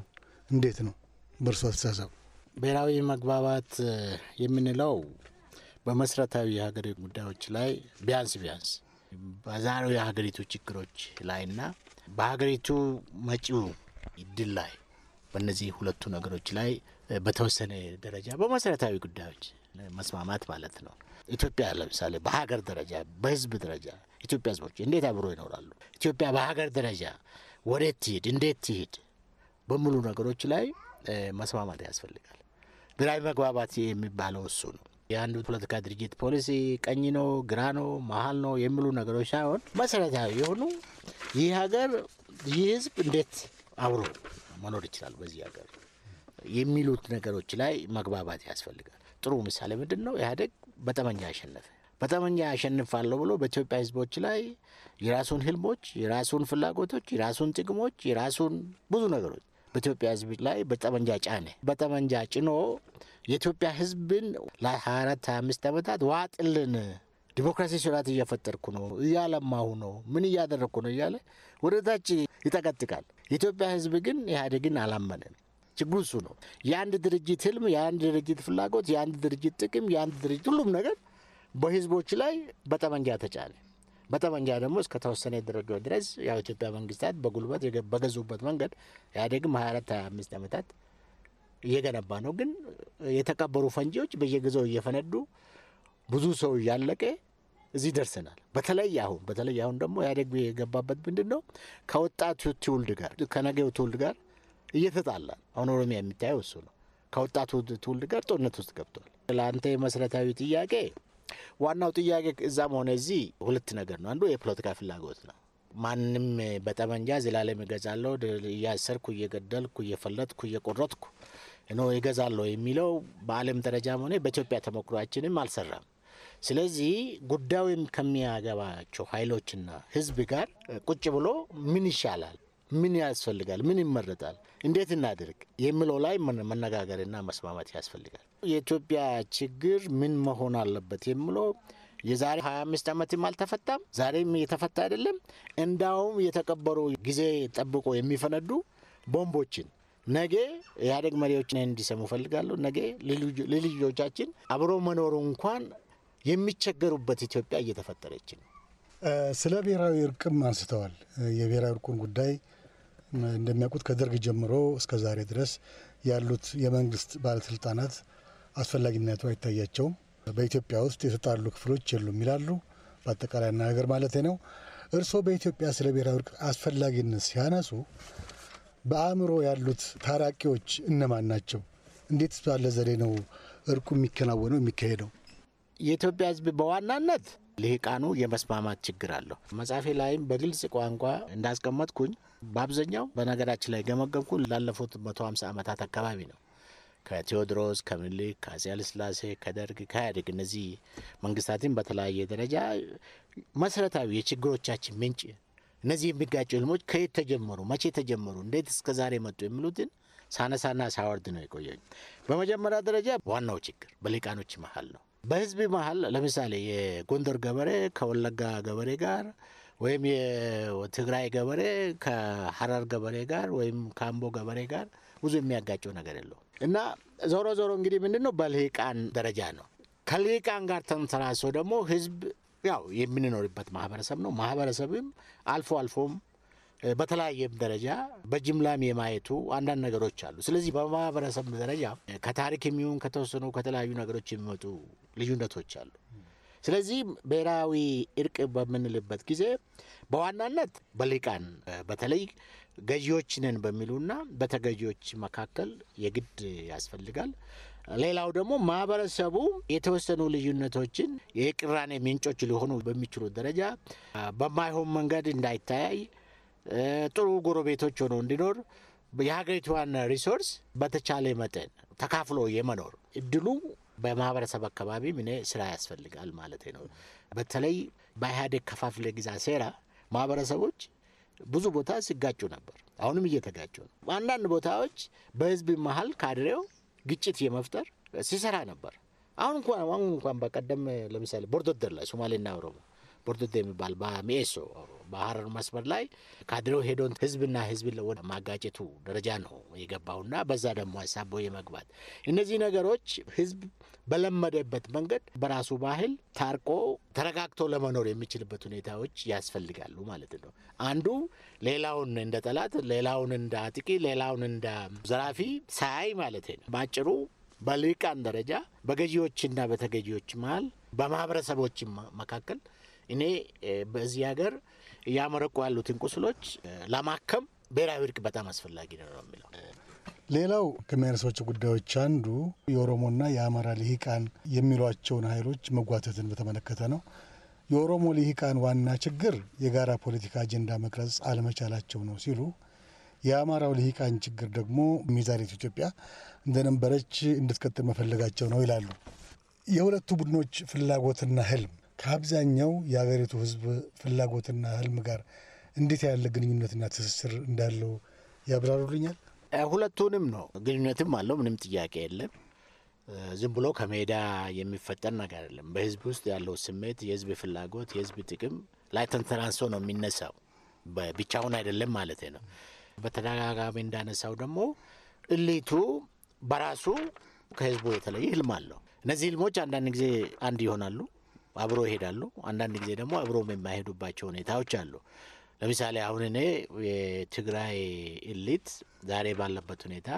L: እንዴት ነው በእርሶ አስተሳሰብ?
H: ብሔራዊ መግባባት የምንለው በመሰረታዊ የሀገር ጉዳዮች ላይ ቢያንስ ቢያንስ በዛሬው የሀገሪቱ ችግሮች ላይና በሀገሪቱ መጪው እድል ላይ በእነዚህ ሁለቱ ነገሮች ላይ በተወሰነ ደረጃ በመሰረታዊ ጉዳዮች መስማማት ማለት ነው። ኢትዮጵያ ለምሳሌ በሀገር ደረጃ በህዝብ ደረጃ ኢትዮጵያ ህዝቦች እንዴት አብሮ ይኖራሉ? ኢትዮጵያ በሀገር ደረጃ ወዴት ትሂድ፣ እንዴት ትሂድ በሙሉ ነገሮች ላይ መስማማት ያስፈልጋል። ብሔራዊ መግባባት የሚባለው እሱ ነው። የአንዱ ፖለቲካ ድርጅት ፖሊሲ ቀኝ ነው፣ ግራ ነው፣ መሀል ነው የሚሉ ነገሮች ሳይሆን መሰረታዊ የሆኑ ይህ ሀገር ይህ ህዝብ እንዴት አብሮ መኖር ይችላል በዚህ ሀገር የሚሉት ነገሮች ላይ መግባባት ያስፈልጋል። ጥሩ ምሳሌ ምንድን ነው? ኢህአዴግ በጠመንጃ አሸነፈ። በጠመንጃ ያሸንፋለሁ ብሎ በኢትዮጵያ ህዝቦች ላይ የራሱን ህልሞች፣ የራሱን ፍላጎቶች፣ የራሱን ጥቅሞች፣ የራሱን ብዙ ነገሮች በኢትዮጵያ ህዝብ ላይ በጠመንጃ ጫነ። በጠመንጃ ጭኖ የኢትዮጵያ ህዝብን ለ24 25 ዓመታት ዋጥልን ዲሞክራሲ ስርዓት እየፈጠርኩ ነው፣ እያለማሁ ነው፣ ምን እያደረግኩ ነው እያለ ወደ ታች ይጠቀጥቃል። የኢትዮጵያ ህዝብ ግን ኢህአዴግን አላመንም። ችግሩ እሱ ነው። የአንድ ድርጅት ህልም፣ የአንድ ድርጅት ፍላጎት፣ የአንድ ድርጅት ጥቅም፣ የአንድ ድርጅት ሁሉም ነገር በህዝቦች ላይ በጠመንጃ ተጫለ። በጠመንጃ ደግሞ እስከ ተወሰነ ደረጃ ድረስ ያው ኢትዮጵያ መንግስታት በጉልበት በገዙበት መንገድ ኢህአዴግም 24 25 ዓመታት እየገነባ ነው። ግን የተቀበሩ ፈንጂዎች በየጊዜው እየፈነዱ ብዙ ሰው እያለቀ እዚህ ደርሰናል። በተለይ አሁን በተለይ አሁን ደግሞ ኢህአዴግ የገባበት ምንድን ነው? ከወጣቱ ትውልድ ጋር ከነገው ትውልድ ጋር እየተጣላ አሁን ኦሮሚያ የሚታየው እሱ ነው። ከወጣቱ ትውልድ ጋር ጦርነት ውስጥ ገብቷል። ለአንተ መሰረታዊ ጥያቄ ዋናው ጥያቄ እዛም ሆነ እዚህ ሁለት ነገር ነው። አንዱ የፖለቲካ ፍላጎት ነው። ማንም በጠመንጃ ዘላለም እገዛለሁ፣ እያሰርኩ፣ እየገደልኩ፣ እየፈለጥኩ፣ እየቆረጥኩ ነው እገዛለሁ የሚለው በዓለም ደረጃም ሆነ በኢትዮጵያ ተሞክሯችንም አልሰራም። ስለዚህ ጉዳዩን ከሚያገባቸው ኃይሎችና ሕዝብ ጋር ቁጭ ብሎ ምን ይሻላል ምን ያስፈልጋል? ምን ይመረጣል? እንዴት እናድርግ የሚለው ላይ መነጋገርና መስማማት ያስፈልጋል። የኢትዮጵያ ችግር ምን መሆን አለበት የሚለው የዛሬ 25 ዓመትም አልተፈታም፣ ዛሬም የተፈታ አይደለም። እንዳውም የተቀበሩ ጊዜ ጠብቆ የሚፈነዱ ቦምቦችን ነገ ኢህአዴግ መሪዎችን እንዲሰሙ ፈልጋለሁ። ነገ ልልጆቻችን አብሮ መኖሩ እንኳን የሚቸገሩበት ኢትዮጵያ እየተፈጠረች ነው።
L: ስለ ብሔራዊ እርቅም አንስተዋል። የብሔራዊ እርቁን ጉዳይ እንደሚያውቁት ከደርግ ጀምሮ እስከ ዛሬ ድረስ ያሉት የመንግስት ባለስልጣናት አስፈላጊነቱ አይታያቸውም። በኢትዮጵያ ውስጥ የተጣሉ ክፍሎች የሉም ይላሉ። በአጠቃላይ አነጋገር ማለት ነው። እርስዎ በኢትዮጵያ ስለ ብሔራዊ እርቅ አስፈላጊነት ሲያነሱ በአእምሮ ያሉት ታራቂዎች እነማን ናቸው? እንዴት ባለ ዘዴ ነው እርቁ የሚከናወነው የሚካሄደው?
H: የኢትዮጵያ ህዝብ በዋናነት ልሂቃኑ የመስማማት ችግር አለው። መጽሐፌ ላይም በግልጽ ቋንቋ እንዳስቀመጥኩኝ በአብዛኛው በነገራችን ላይ ገመገምኩ ላለፉት 150 ዓመታት አካባቢ ነው። ከቴዎድሮስ፣ ከምኒልክ፣ ከአጼ ኃይለ ከደርግ፣ ከኢህአዴግ እነዚህ መንግስታትን በተለያየ ደረጃ መሰረታዊ የችግሮቻችን ምንጭ እነዚህ የሚጋጩ ህልሞች ከየት ተጀመሩ፣ መቼ ተጀመሩ፣ እንዴት እስከ ዛሬ መጡ የሚሉትን ሳነሳና ሳወርድ ነው የቆየኝ። በመጀመሪያ ደረጃ ዋናው ችግር በሊቃኖች መሀል ነው። በህዝብ መሀል ለምሳሌ የጎንደር ገበሬ ከወለጋ ገበሬ ጋር ወይም የትግራይ ገበሬ ከሀረር ገበሬ ጋር ወይም ከአምቦ ገበሬ ጋር ብዙ የሚያጋጨው ነገር የለውም እና ዞሮ ዞሮ እንግዲህ ምንድን ነው በልሂቃን ደረጃ ነው። ከልሂቃን ጋር ተንተራሶ ደግሞ ህዝብ ያው የምንኖርበት ማህበረሰብ ነው። ማህበረሰብም አልፎ አልፎም በተለያየም ደረጃ በጅምላም የማየቱ አንዳንድ ነገሮች አሉ። ስለዚህ በማህበረሰብ ደረጃ ከታሪክ የሚሆን ከተወሰኑ ከተለያዩ ነገሮች የሚመጡ ልዩነቶች አሉ። ስለዚህ ብሔራዊ እርቅ በምንልበት ጊዜ በዋናነት በሊቃን በተለይ ገዢዎችንን በሚሉና በተገዢዎች መካከል የግድ ያስፈልጋል። ሌላው ደግሞ ማህበረሰቡ የተወሰኑ ልዩነቶችን የቅራኔ ምንጮች ሊሆኑ በሚችሉ ደረጃ በማይሆን መንገድ እንዳይታያይ ጥሩ ጎረቤቶች ሆኖ እንዲኖር የሀገሪቷን ሪሶርስ በተቻለ መጠን ተካፍሎ የመኖር እድሉ በማህበረሰብ አካባቢም እኔ ስራ ያስፈልጋል ማለት ነው። በተለይ በኢህአዴግ ከፋፍለ ጊዜ ሴራ ማህበረሰቦች ብዙ ቦታ ሲጋጩ ነበር። አሁንም እየተጋጩ ነው። አንዳንድ ቦታዎች በህዝብ መሀል ካድሬው ግጭት የመፍጠር ሲሰራ ነበር። አሁን እንኳን አሁን እንኳን በቀደም ለምሳሌ ቦርዶደር ላይ ሶማሌና ኦሮሞ ቦርዶደር የሚባል በሚኤሶ በሀረር መስመር ላይ ካድሬው ሄዶን ህዝብና ህዝብ ወደ ማጋጨቱ ደረጃ ነው የገባውና በዛ ደግሞ አሳቦ የመግባት እነዚህ ነገሮች ህዝብ በለመደበት መንገድ በራሱ ባህል ታርቆ ተረጋግቶ ለመኖር የሚችልበት ሁኔታዎች ያስፈልጋሉ ማለት ነው። አንዱ ሌላውን እንደ ጠላት፣ ሌላውን እንደ አጥቂ፣ ሌላውን እንደ ዘራፊ ሳያይ ማለት ነው። ባጭሩ በልሂቃን ደረጃ በገዢዎችና በተገዢዎች መሀል በማህበረሰቦች መካከል እኔ በዚህ ሀገር እያመረቁ ያሉትን ቁስሎች ለማከም ብሔራዊ እርቅ በጣም አስፈላጊ ነው ነው የሚለው።
L: ሌላው ከሚያነሷቸው ጉዳዮች አንዱ የኦሮሞና የአማራ ልሂቃን የሚሏቸውን ኃይሎች መጓተትን በተመለከተ ነው። የኦሮሞ ልሂቃን ዋና ችግር የጋራ ፖለቲካ አጀንዳ መቅረጽ አለመቻላቸው ነው ሲሉ የአማራው ልሂቃን ችግር ደግሞ ሚዛኔት ኢትዮጵያ እንደነበረች እንድትቀጥል መፈለጋቸው ነው ይላሉ። የሁለቱ ቡድኖች ፍላጎትና ህልም ከአብዛኛው የአገሪቱ ህዝብ ፍላጎትና ህልም ጋር እንዴት ያለ ግንኙነትና ትስስር እንዳለው ያብራሩልኛል።
H: ሁለቱንም ነው። ግንኙነትም አለው፣ ምንም ጥያቄ የለም። ዝም ብሎ ከሜዳ የሚፈጠር ነገር አይደለም። በህዝብ ውስጥ ያለው ስሜት፣ የህዝብ ፍላጎት፣ የህዝብ ጥቅም ላይ ተንተራንሶ ነው የሚነሳው። ብቻውን አይደለም ማለት ነው። በተደጋጋሚ እንዳነሳው ደግሞ እሊቱ በራሱ ከህዝቡ የተለየ ህልም አለው። እነዚህ ህልሞች አንዳንድ ጊዜ አንድ ይሆናሉ፣ አብሮ ይሄዳሉ። አንዳንድ ጊዜ ደግሞ አብሮም የማይሄዱባቸው ሁኔታዎች አሉ። ለምሳሌ አሁን እኔ የትግራይ ኤሊት ዛሬ ባለበት ሁኔታ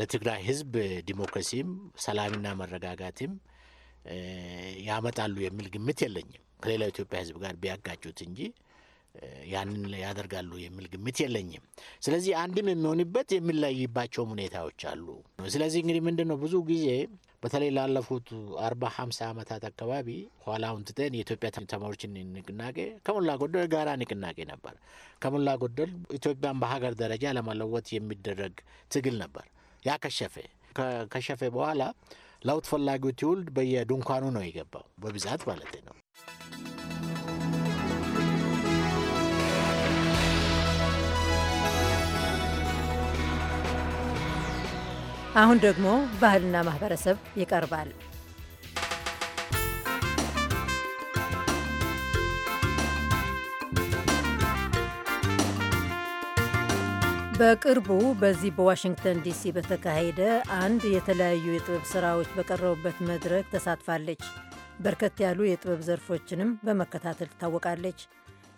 H: ለትግራይ ህዝብ ዲሞክራሲም ሰላምና መረጋጋትም ያመጣሉ የሚል ግምት የለኝም። ከሌላው ኢትዮጵያ ህዝብ ጋር ቢያጋጩት እንጂ ያንን ያደርጋሉ የሚል ግምት የለኝም። ስለዚህ አንድም የሚሆንበት የሚለይባቸውም ሁኔታዎች አሉ። ስለዚህ እንግዲህ ምንድን ነው ብዙ ጊዜ በተለይ ላለፉት አርባ ሀምሳ ዓመታት አካባቢ ኋላውን ትተን የኢትዮጵያ ተማሪዎችን ንቅናቄ ከሞላ ጎደል ጋራ ንቅናቄ ነበር። ከሞላ ጎደል ኢትዮጵያን በሀገር ደረጃ ለመለወት የሚደረግ ትግል ነበር። ያ ከሸፈ። ከሸፈ በኋላ ለውጥ ፈላጊው ትውልድ በየድንኳኑ ነው የገባው በብዛት ማለት ነው።
B: አሁን ደግሞ ባህልና ማህበረሰብ ይቀርባል። በቅርቡ በዚህ በዋሽንግተን ዲሲ በተካሄደ አንድ የተለያዩ የጥበብ ስራዎች በቀረቡበት መድረክ ተሳትፋለች። በርከት ያሉ የጥበብ ዘርፎችንም በመከታተል ትታወቃለች።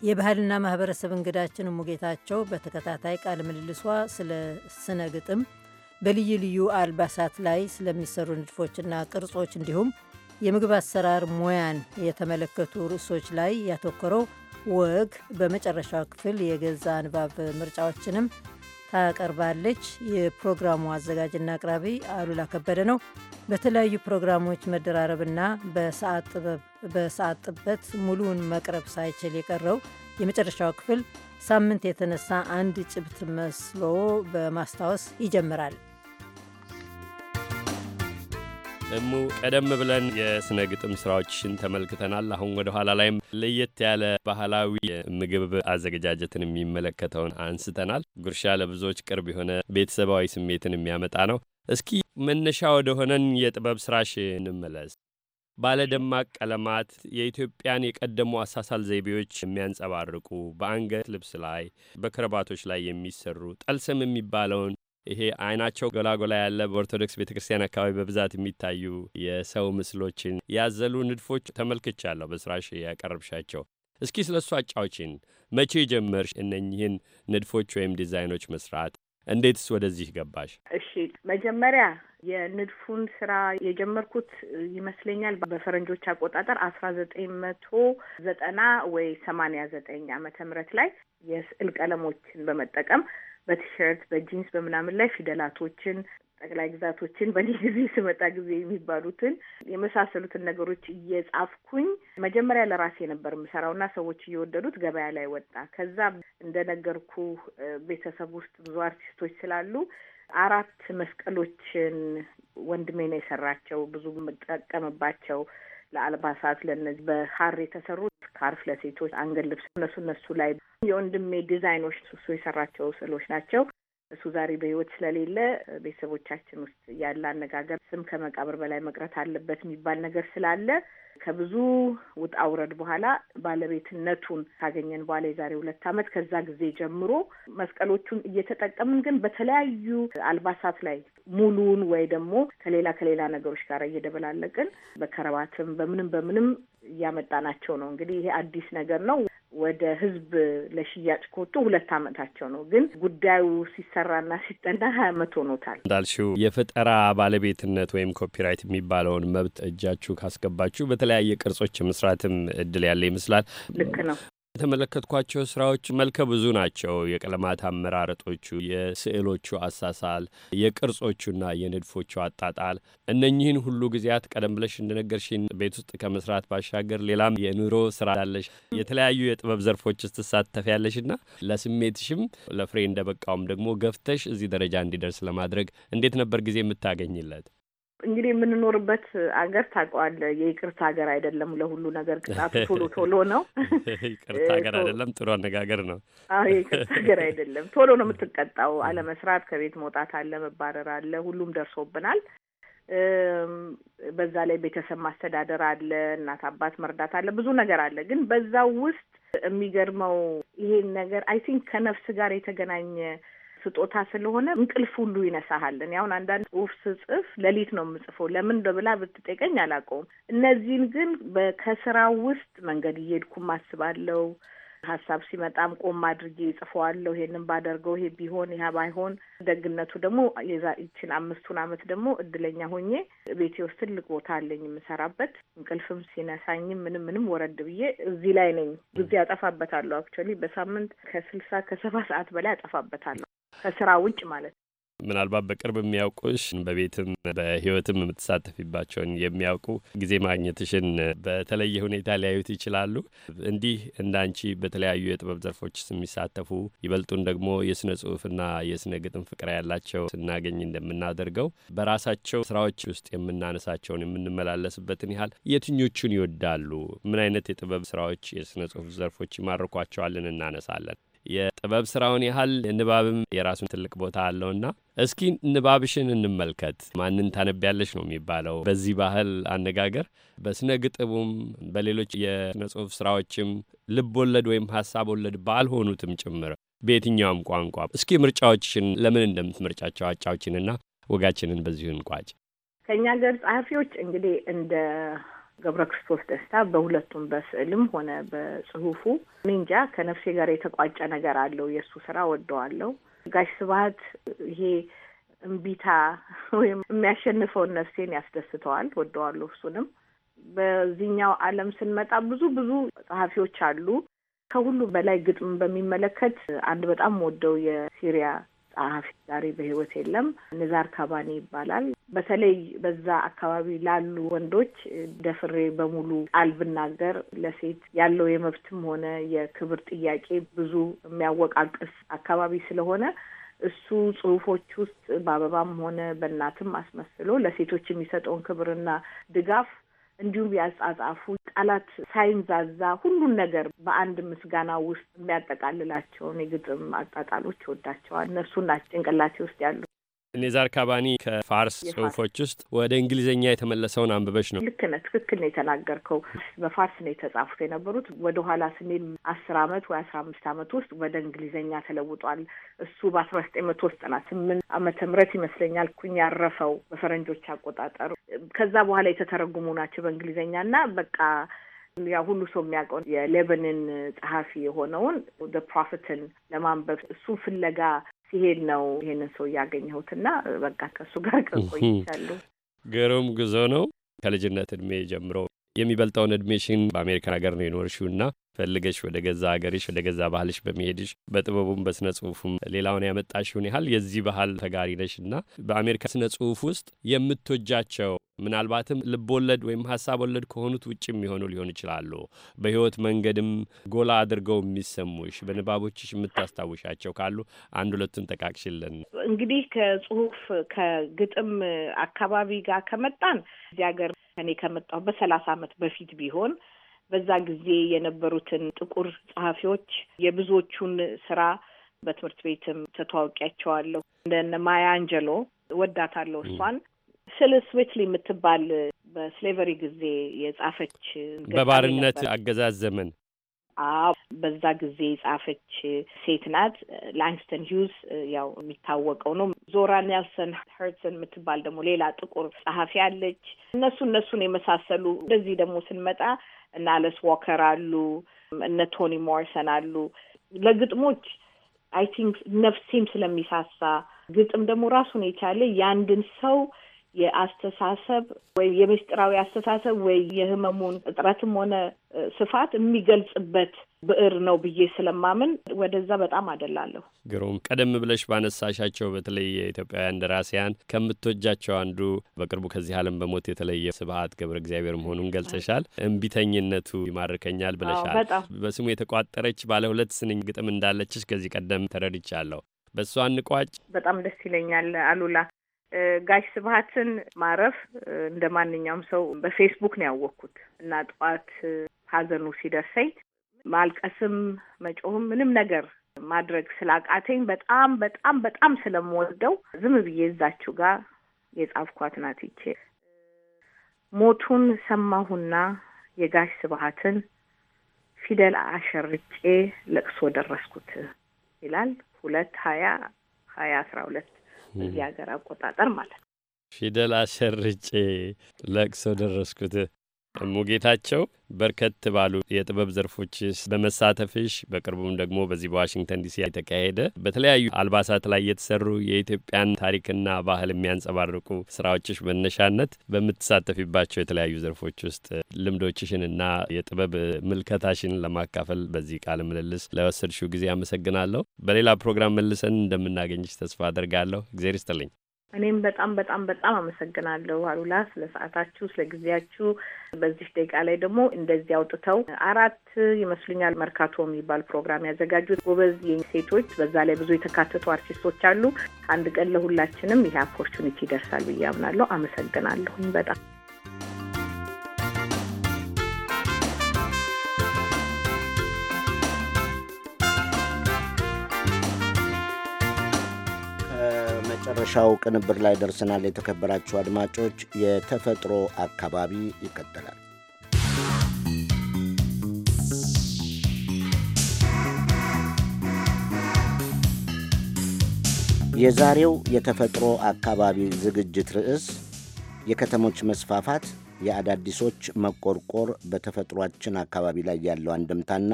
B: የባህልና ማህበረሰብ እንግዳችን ሙጌታቸው በተከታታይ ቃለ ምልልሷ ስለ ስነ ግጥም በልዩ ልዩ አልባሳት ላይ ስለሚሰሩ ንድፎችና ቅርጾች እንዲሁም የምግብ አሰራር ሙያን የተመለከቱ ርዕሶች ላይ ያተኮረው ወግ በመጨረሻው ክፍል የገዛ ንባብ ምርጫዎችንም ታቀርባለች። የፕሮግራሙ አዘጋጅና አቅራቢ አሉላ ከበደ ነው። በተለያዩ ፕሮግራሞች መደራረብና በሰዓት ጥበት ሙሉውን መቅረብ ሳይችል የቀረው የመጨረሻው ክፍል ሳምንት የተነሳ አንድ ጭብት መስሎ በማስታወስ ይጀምራል።
J: እሙ ቀደም ብለን የስነ ግጥም ስራዎችን ተመልክተናል። አሁን ወደ ኋላ ላይም ለየት ያለ ባህላዊ ምግብ አዘገጃጀትን የሚመለከተውን አንስተናል። ጉርሻ ለብዙዎች ቅርብ የሆነ ቤተሰባዊ ስሜትን የሚያመጣ ነው። እስኪ መነሻ ወደሆነን የጥበብ ስራሽ እንመለስ። ባለደማቅ ቀለማት የኢትዮጵያን የቀደሙ አሳሳል ዘይቤዎች የሚያንጸባርቁ በአንገት ልብስ ላይ በክረባቶች ላይ የሚሰሩ ጠልሰም የሚባለውን ይሄ አይናቸው ጎላጎላ ያለ በኦርቶዶክስ ቤተ ክርስቲያን አካባቢ በብዛት የሚታዩ የሰው ምስሎችን ያዘሉ ንድፎች ተመልክቻለሁ በስራሽ ያቀረብሻቸው። እስኪ ስለ እሱ አጫዎችን። መቼ ጀመርሽ እነኚህን ንድፎች ወይም ዲዛይኖች መስራት? እንዴትስ ወደዚህ ገባሽ? እሺ
D: መጀመሪያ የንድፉን ስራ የጀመርኩት ይመስለኛል በፈረንጆች አቆጣጠር አስራ ዘጠኝ መቶ ዘጠና ወይ ሰማንያ ዘጠኝ አመተ ምህረት ላይ የስዕል ቀለሞችን በመጠቀም በቲሸርት በጂንስ በምናምን ላይ ፊደላቶችን ጠቅላይ ግዛቶችን በእኔ ጊዜ ስመጣ ጊዜ የሚባሉትን የመሳሰሉትን ነገሮች እየጻፍኩኝ መጀመሪያ ለራሴ ነበር የምሰራውና ሰዎች እየወደዱት ገበያ ላይ ወጣ። ከዛ እንደነገርኩ ቤተሰብ ውስጥ ብዙ አርቲስቶች ስላሉ አራት መስቀሎችን ወንድሜ ነው የሰራቸው። ብዙ የምጠቀምባቸው ለአልባሳት ለነዚህ በሀር የተሰሩ ስካርፍ ለሴቶች አንገል ልብስ፣ እነሱ እነሱ ላይ የወንድሜ ዲዛይኖች እሱ የሰራቸው ስዕሎች ናቸው። እሱ ዛሬ በህይወት ስለሌለ ቤተሰቦቻችን ውስጥ ያለ አነጋገር ስም ከመቃብር በላይ መቅረት አለበት የሚባል ነገር ስላለ ከብዙ ውጣ ውረድ በኋላ ባለቤትነቱን ካገኘን በኋላ የዛሬ ሁለት ዓመት ከዛ ጊዜ ጀምሮ መስቀሎቹን እየተጠቀምን ግን በተለያዩ አልባሳት ላይ ሙሉን ወይ ደግሞ ከሌላ ከሌላ ነገሮች ጋር እየደበላለቅን በከረባትም በምንም በምንም እያመጣናቸው ነው። እንግዲህ ይሄ አዲስ ነገር ነው። ወደ ህዝብ ለሽያጭ ከወጡ ሁለት አመታቸው ነው። ግን ጉዳዩ ሲሰራና ሲጠና ሀያ ዓመት ሆኖታል።
J: እንዳልሽው የፈጠራ ባለቤትነት ወይም ኮፒራይት የሚባለውን መብት እጃችሁ ካስገባችሁ በተለያየ ቅርጾች መስራትም እድል ያለ ይመስላል። ልክ ነው። የተመለከትኳቸው ስራዎች መልከ ብዙ ናቸው። የቀለማት አመራረጦቹ፣ የስዕሎቹ አሳሳል፣ የቅርጾቹና የንድፎቹ አጣጣል እነኚህን ሁሉ ጊዜያት ቀደም ብለሽ እንደነገርሽን ቤት ውስጥ ከመስራት ባሻገር ሌላም የኑሮ ስራ ያለሽ የተለያዩ የጥበብ ዘርፎች ስትሳተፍ ያለሽና ለስሜትሽም ለፍሬ እንደበቃውም ደግሞ ገፍተሽ እዚህ ደረጃ እንዲደርስ ለማድረግ እንዴት ነበር ጊዜ የምታገኝለት?
D: እንግዲህ የምንኖርበት አገር ታውቀዋለህ፣ የይቅርታ ሀገር አይደለም። ለሁሉ ነገር ቅጣቱ ቶሎ ቶሎ ነው።
J: ይቅርታ ሀገር አይደለም፣ ጥሩ አነጋገር ነው።
D: አዎ የይቅርታ ሀገር አይደለም። ቶሎ ነው የምትቀጣው። አለመስራት፣ ከቤት መውጣት አለ፣ መባረር አለ። ሁሉም ደርሶብናል። በዛ ላይ ቤተሰብ ማስተዳደር አለ፣ እናት አባት መርዳት አለ፣ ብዙ ነገር አለ። ግን በዛው ውስጥ የሚገርመው ይሄን ነገር አይ ቲንክ ከነፍስ ጋር የተገናኘ ስጦታ ስለሆነ እንቅልፍ ሁሉ ይነሳሃል። ያሁን አንዳንድ ጽሁፍ ስጽፍ ሌሊት ነው የምጽፈው። ለምን ብላ ብትጠይቀኝ አላውቀውም። እነዚህን ግን ከስራው ውስጥ መንገድ እየሄድኩም አስባለው ሀሳብ ሲመጣም ቆም አድርጌ ጽፈዋለሁ ይሄንን ባደርገው ይሄ ቢሆን ይህ ባይሆን። ደግነቱ ደግሞ ይችን አምስቱን አመት ደግሞ እድለኛ ሆኜ ቤቴ ውስጥ ትልቅ ቦታ አለኝ የምሰራበት። እንቅልፍም ሲነሳኝም ምንም ምንም ወረድ ብዬ እዚህ ላይ ነኝ። ጊዜ አጠፋበታለሁ። አክቹዋሊ በሳምንት ከስልሳ ከሰባ ሰዓት በላይ አጠፋበታለሁ። ከስራ ውጭ ማለት ነው።
J: ምናልባት በቅርብ የሚያውቁሽ በቤትም በህይወትም የምትሳተፊባቸውን የሚያውቁ ጊዜ ማግኘትሽን በተለየ ሁኔታ ሊያዩት ይችላሉ። እንዲህ እንደ አንቺ በተለያዩ የጥበብ ዘርፎች የሚሳተፉ ይበልጡን ደግሞ የስነ ጽሁፍና የስነ ግጥም ፍቅር ያላቸው ስናገኝ እንደምናደርገው በራሳቸው ስራዎች ውስጥ የምናነሳቸውን የምንመላለስበትን ያህል የትኞቹን ይወዳሉ? ምን አይነት የጥበብ ስራዎች የስነ ጽሁፍ ዘርፎች ይማርኳቸዋልን? እናነሳለን። የጥበብ ስራውን ያህል ንባብም የራሱን ትልቅ ቦታ አለውና እስኪ ንባብሽን እንመልከት። ማንን ታነቢያለሽ ነው የሚባለው በዚህ ባህል አነጋገር። በስነ ግጥቡም በሌሎች የስነ ጽሁፍ ስራዎችም ልብ ወለድ ወይም ሀሳብ ወለድ ባልሆኑትም ጭምር በየትኛውም ቋንቋ እስኪ ምርጫዎችሽን ለምን እንደምትመርጫቸው አጫዎችንና ወጋችንን በዚሁ እንቋጭ።
D: ከእኛ ገር ጸሐፊዎች እንግዲህ እንደ ገብረ ክርስቶስ ደስታ በሁለቱም በስዕልም ሆነ በጽሁፉ ሚንጃ ከነፍሴ ጋር የተቋጨ ነገር አለው። የእሱ ስራ ወደዋለው። ጋሽ ስብሀት ይሄ እምቢታ ወይም የሚያሸንፈውን ነፍሴን ያስደስተዋል። ወደዋለሁ እሱንም። በዚህኛው ዓለም ስንመጣ ብዙ ብዙ ጸሐፊዎች አሉ። ከሁሉ በላይ ግጥም በሚመለከት አንድ በጣም ወደው የሲሪያ ጸሐፊ ዛሬ በህይወት የለም። ንዛር ካባኒ ይባላል። በተለይ በዛ አካባቢ ላሉ ወንዶች ደፍሬ በሙሉ ቃል ብናገር ለሴት ያለው የመብትም ሆነ የክብር ጥያቄ ብዙ የሚያወቃቅስ አካባቢ ስለሆነ እሱ ጽሁፎች ውስጥ በአበባም ሆነ በእናትም አስመስሎ ለሴቶች የሚሰጠውን ክብርና ድጋፍ እንዲሁም ያጻጻፉ ቃላት ሳይንዛዛ ሁሉን ነገር በአንድ ምስጋና ውስጥ የሚያጠቃልላቸውን የግጥም አጣጣሎች ወዳቸዋል። እነርሱ ናቸው ጭንቅላቴ ውስጥ ያሉ።
J: ኔዛር ካባኒ ከፋርስ ጽሁፎች ውስጥ ወደ እንግሊዝኛ የተመለሰውን አንብበሽ ነው።
D: ልክ ነህ፣ ትክክል ነው የተናገርከው። በፋርስ ነው የተጻፉት የነበሩት። ወደ ኋላ ስንል አስር አመት ወይ አስራ አምስት አመት ውስጥ ወደ እንግሊዝኛ ተለውጧል። እሱ በአስራ ዘጠኝ መቶ ውስጥ ና ስምንት አመተ ምህረት ይመስለኛል ኩኝ ያረፈው በፈረንጆች አቆጣጠሩ። ከዛ በኋላ የተተረጉሙ ናቸው በእንግሊዝኛ ና በቃ ያ ሁሉ ሰው የሚያውቀው የሌበንን ጸሐፊ የሆነውን ፕሮፌትን ለማንበብ እሱ ፍለጋ ሲሄድ ነው ይሄንን ሰው እያገኘሁትና በቃ
K: ከእሱ ጋር ከቆይቻለሁ።
J: ግሩም ጉዞ ነው። ከልጅነት እድሜ ጀምሮ የሚበልጠውን እድሜሽን በአሜሪካን ሀገር ነው የኖርሽውና ፈልገሽ ወደ ገዛ ሀገርሽ ወደ ገዛ ባህልሽ በመሄድሽ በጥበቡም በስነ ጽሁፉም ሌላውን ያመጣሽውን ያህል የዚህ ባህል ተጋሪ ነሽ ነሽና በአሜሪካ ስነ ጽሁፍ ውስጥ የምትወጃቸው ምናልባትም ልብ ወለድ ወይም ሀሳብ ወለድ ከሆኑት ውጭ የሚሆኑ ሊሆን ይችላሉ። በህይወት መንገድም ጎላ አድርገው የሚሰሙሽ በንባቦችሽ የምታስታውሻቸው ካሉ አንድ ሁለቱን ጠቃቅሽልን።
D: እንግዲህ ከጽሁፍ ከግጥም አካባቢ ጋር ከመጣን እዚህ ሀገር እኔ ከመጣሁ በሰላሳ ዓመት በፊት ቢሆን በዛ ጊዜ የነበሩትን ጥቁር ጸሐፊዎች የብዙዎቹን ስራ በትምህርት ቤትም ተተዋውቂያቸዋለሁ። እንደነ ማያ አንጀሎ ወዳታለሁ እሷን ስል ስዊትሊ የምትባል በስሌቨሪ ጊዜ የጻፈች በባርነት
J: አገዛዝ ዘመን
D: አዎ በዛ ጊዜ የጻፈች ሴት ናት። ላንግስተን ሂውዝ ያው የሚታወቀው ነው። ዞራ ኔልሰን ሄርትሰን የምትባል ደግሞ ሌላ ጥቁር ጸሐፊ አለች። እነሱ እነሱን የመሳሰሉ እንደዚህ ደግሞ ስንመጣ እነ አለስ ዋከር አሉ፣ እነ ቶኒ ሞርሰን አሉ። ለግጥሞች አይ ቲንክ ነፍሴም ስለሚሳሳ ግጥም ደግሞ ራሱን የቻለ የአንድን ሰው የአስተሳሰብ ወይም የምስጢራዊ አስተሳሰብ ወይ የህመሙን እጥረትም ሆነ ስፋት የሚገልጽበት ብዕር ነው ብዬ ስለማምን ወደዛ በጣም አደላለሁ።
J: ግሩም። ቀደም ብለሽ ባነሳሻቸው በተለይ የኢትዮጵያውያን ደራሲያን ከምትወጃቸው አንዱ በቅርቡ ከዚህ ዓለም በሞት የተለየ ስብሐት ገብረ እግዚአብሔር መሆኑን ገልጸሻል። እምቢተኝነቱ ይማርከኛል ብለሻል። በስሙ የተቋጠረች ባለ ሁለት ስንኝ ግጥም እንዳለችሽ ከዚህ ቀደም ተረድቻለሁ። በእሷ እንቋጭ።
D: በጣም ደስ ይለኛል አሉላ ጋሽ ስብሀትን ማረፍ እንደ ማንኛውም ሰው በፌስቡክ ነው ያወቅኩት እና ጠዋት ሀዘኑ ሲደርሰኝ ማልቀስም መጮህም ምንም ነገር ማድረግ ስላቃተኝ በጣም በጣም በጣም ስለምወደው ዝም ብዬ እዛችሁ ጋር የጻፍኳት ናት ይቼ ሞቱን ሰማሁና የጋሽ ስብሀትን ፊደል አሸርጬ ለቅሶ ደረስኩት ይላል ሁለት ሀያ ሀያ አስራ ሁለት እዚህ ሀገር አቆጣጠር ማለት ነው።
J: ፊደል አሸርጬ ለቅሶ ደረስኩት ጌታቸው በርከት ባሉ የጥበብ ዘርፎች በመሳተፍሽ በቅርቡም ደግሞ በዚህ በዋሽንግተን ዲሲ የተካሄደ በተለያዩ አልባሳት ላይ የተሰሩ የኢትዮጵያን ታሪክና ባህል የሚያንጸባርቁ ስራዎችሽ መነሻነት በምትሳተፊባቸው የተለያዩ ዘርፎች ውስጥ ልምዶችሽንና የጥበብ ምልከታሽን ለማካፈል በዚህ ቃለ ምልልስ ለወሰድሽው ጊዜ አመሰግናለሁ። በሌላ ፕሮግራም መልሰን እንደምናገኝሽ ተስፋ አድርጋለሁ። እግዜር ይስጥልኝ።
D: እኔም በጣም በጣም በጣም አመሰግናለሁ አሉላ ስለ ሰዓታችሁ፣ ስለ ጊዜያችሁ። በዚህ ደቂቃ ላይ ደግሞ እንደዚህ አውጥተው አራት ይመስሉኛል መርካቶ የሚባል ፕሮግራም ያዘጋጁት ጎበዝ ሴቶች፣ በዛ ላይ ብዙ የተካተቱ አርቲስቶች አሉ። አንድ ቀን ለሁላችንም ይሄ አፖርቹኒቲ ይደርሳል ብዬ አምናለሁ። አመሰግናለሁኝ በጣም
C: መጨረሻው ቅንብር ላይ ደርሰናል። የተከበራችሁ አድማጮች፣ የተፈጥሮ አካባቢ ይቀጥላል። የዛሬው የተፈጥሮ አካባቢ ዝግጅት ርዕስ የከተሞች መስፋፋት፣ የአዳዲሶች መቆርቆር በተፈጥሯችን አካባቢ ላይ ያለው አንድምታና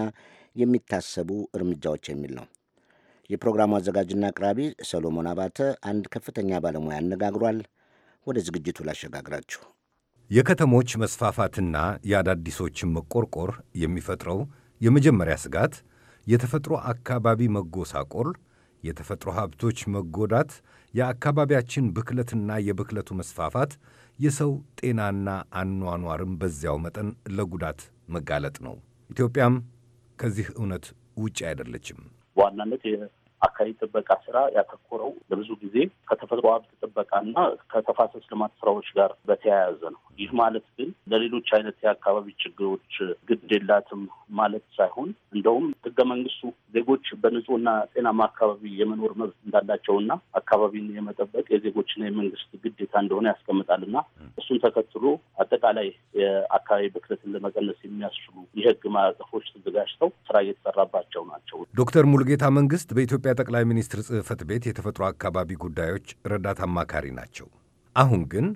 C: የሚታሰቡ እርምጃዎች የሚል ነው። የፕሮግራሙ አዘጋጅና አቅራቢ ሰሎሞን አባተ አንድ ከፍተኛ ባለሙያ አነጋግሯል። ወደ ዝግጅቱ ላሸጋግራችሁ።
G: የከተሞች መስፋፋትና የአዳዲሶችን መቆርቆር የሚፈጥረው የመጀመሪያ ስጋት የተፈጥሮ አካባቢ መጎሳቆል፣ የተፈጥሮ ሀብቶች መጎዳት፣ የአካባቢያችን ብክለትና የብክለቱ መስፋፋት፣ የሰው ጤናና አኗኗርም በዚያው መጠን ለጉዳት መጋለጥ ነው። ኢትዮጵያም ከዚህ እውነት ውጭ አይደለችም።
F: 完了，那地儿。አካባቢ ጥበቃ ስራ ያተኮረው ለብዙ ጊዜ ከተፈጥሮ ሀብት ጥበቃና ከተፋሰስ ልማት ስራዎች ጋር በተያያዘ ነው። ይህ ማለት ግን ለሌሎች አይነት የአካባቢ ችግሮች ግድ የላትም ማለት ሳይሆን እንደውም ህገ መንግስቱ ዜጎች በንጹህና ጤናማ አካባቢ የመኖር መብት እንዳላቸውና አካባቢን የመጠበቅ የዜጎችና የመንግስት ግዴታ እንደሆነ ያስቀምጣልና እሱን ተከትሎ አጠቃላይ የአካባቢ ብክለትን ለመቀነስ የሚያስችሉ የህግ ማዕቀፎች ተዘጋጅተው ስራ እየተሰራባቸው ናቸው። ዶክተር
G: ሙልጌታ መንግስት በኢትዮ የኢትዮጵያ ጠቅላይ ሚኒስትር ጽሕፈት ቤት የተፈጥሮ አካባቢ ጉዳዮች ረዳት አማካሪ ናቸው። አሁን ግን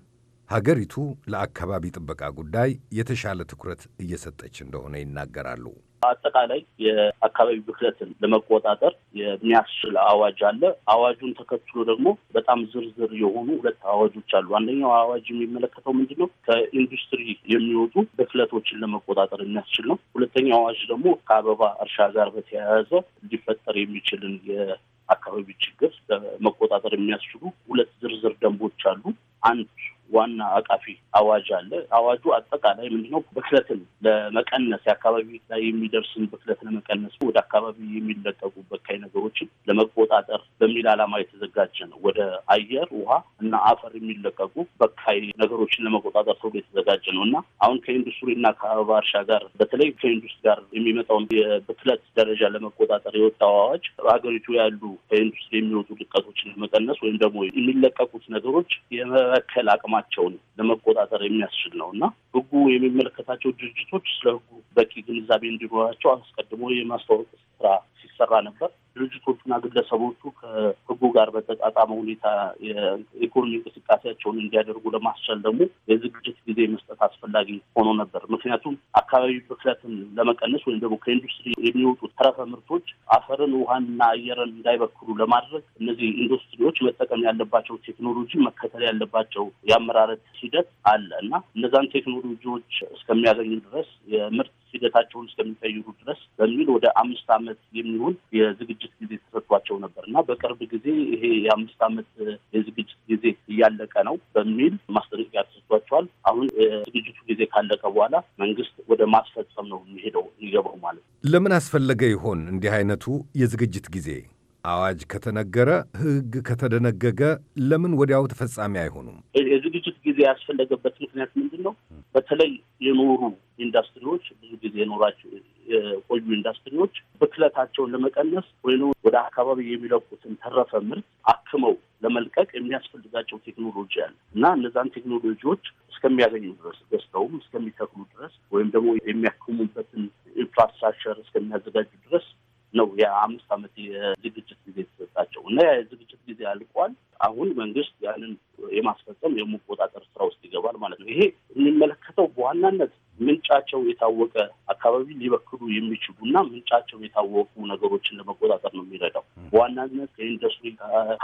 G: ሀገሪቱ ለአካባቢ ጥበቃ ጉዳይ የተሻለ ትኩረት እየሰጠች እንደሆነ ይናገራሉ።
F: አጠቃላይ የአካባቢ ብክለትን ለመቆጣጠር የሚያስችል አዋጅ አለ። አዋጁን ተከትሎ ደግሞ በጣም ዝርዝር የሆኑ ሁለት አዋጆች አሉ። አንደኛው አዋጅ የሚመለከተው ምንድን ነው? ከኢንዱስትሪ የሚወጡ ብክለቶችን ለመቆጣጠር የሚያስችል ነው። ሁለተኛው አዋጅ ደግሞ ከአበባ እርሻ ጋር በተያያዘ ሊፈጠር የሚችልን የአካባቢ ችግር ለመቆጣጠር የሚያስችሉ ሁለት ዝርዝር ደንቦች አሉ። አንድ ዋና አቃፊ አዋጅ አለ። አዋጁ አጠቃላይ ምንድነው? ብክለትን ለመቀነስ የአካባቢ ላይ የሚደርስን ብክለት ለመቀነስ ወደ አካባቢ የሚለቀቁ በካይ ነገሮችን ለመቆጣጠር በሚል ዓላማ የተዘጋጀ ነው። ወደ አየር፣ ውሃ እና አፈር የሚለቀቁ በካይ ነገሮችን ለመቆጣጠር ተብሎ የተዘጋጀ ነው እና አሁን ከኢንዱስትሪና ከአበባ እርሻ ጋር በተለይ ከኢንዱስትሪ ጋር የሚመጣውን የብክለት ደረጃ ለመቆጣጠር የወጣው አዋጅ ሀገሪቱ ያሉ ከኢንዱስትሪ የሚወጡ ልቀቶችን ለመቀነስ ወይም ደግሞ የሚለቀቁት ነገሮች የመበከል አቅማ አቅማቸውን ለመቆጣጠር የሚያስችል ነው እና ህጉ የሚመለከታቸው ድርጅቶች ስለ ህጉ በቂ ግንዛቤ እንዲኖራቸው አስቀድሞ የማስታወቅ ስራ ሲሰራ ነበር። ድርጅቶቹና ግለሰቦቹ ከህጉ ጋር በተጣጣመ ሁኔታ የኢኮኖሚ እንቅስቃሴያቸውን እንዲያደርጉ ለማስቻል ደግሞ የዝግጅት ጊዜ መስጠት አስፈላጊ ሆኖ ነበር። ምክንያቱም አካባቢ ብክለትን ለመቀነስ ወይም ደግሞ ከኢንዱስትሪ የሚወጡ ተረፈ ምርቶች አፈርን፣ ውሃንና አየርን እንዳይበክሉ ለማድረግ እነዚህ ኢንዱስትሪዎች መጠቀም ያለባቸው ቴክኖሎጂ መከተል ያለባቸው የአመራረት ሂደት አለ እና እነዛን ቴክኖሎጂዎች እስከሚያገኙ ድረስ የምርት ሂደታቸውን እስከሚቀይሩ ድረስ በሚል ወደ አምስት ዓመት የሚሆን የዝግጅት ጊዜ ተሰጥቷቸው ነበር እና በቅርብ ጊዜ ይሄ የአምስት ዓመት የዝግጅት ጊዜ እያለቀ ነው በሚል ማስጠንቀቂያ ተሰጥቷቸዋል። አሁን የዝግጅቱ ጊዜ ካለቀ በኋላ መንግስት ወደ ማስፈጸም ነው የሚሄደው የሚገባው ማለት
G: ነው። ለምን አስፈለገ ይሆን እንዲህ አይነቱ የዝግጅት ጊዜ? አዋጅ ከተነገረ ህግ ከተደነገገ ለምን ወዲያው ተፈጻሚ አይሆኑም?
F: የዝግጅት ጊዜ ያስፈለገበት ምክንያት ምንድን ነው? በተለይ የኖሩ ኢንዱስትሪዎች ብዙ ጊዜ የኖራቸው የቆዩ ኢንዱስትሪዎች ብክለታቸውን ለመቀነስ ወይም ወደ አካባቢ የሚለቁትን ተረፈ ምርት አክመው ለመልቀቅ የሚያስፈልጋቸው ቴክኖሎጂ አለ እና እነዛን ቴክኖሎጂዎች እስከሚያገኙ ድረስ ገዝተውም እስከሚተክሉ ድረስ ወይም ደግሞ የሚያክሙበትን ኢንፍራስትራክቸር እስከሚያዘጋጁ ድረስ ነው የአምስት ዓመት የዝግጅት ጊዜ የተሰጣቸው እና የዝግጅት ጊዜ አልቋል። አሁን መንግስት ያንን የማስፈጸም የመቆጣጠር ስራ ውስጥ ይገባል ማለት ነው። ይሄ የምንመለከተው በዋናነት ምንጫቸው የታወቀ አካባቢ ሊበክሉ የሚችሉ እና ምንጫቸው የታወቁ ነገሮችን ለመቆጣጠር ነው የሚረዳው። በዋናነት ከኢንዱስትሪ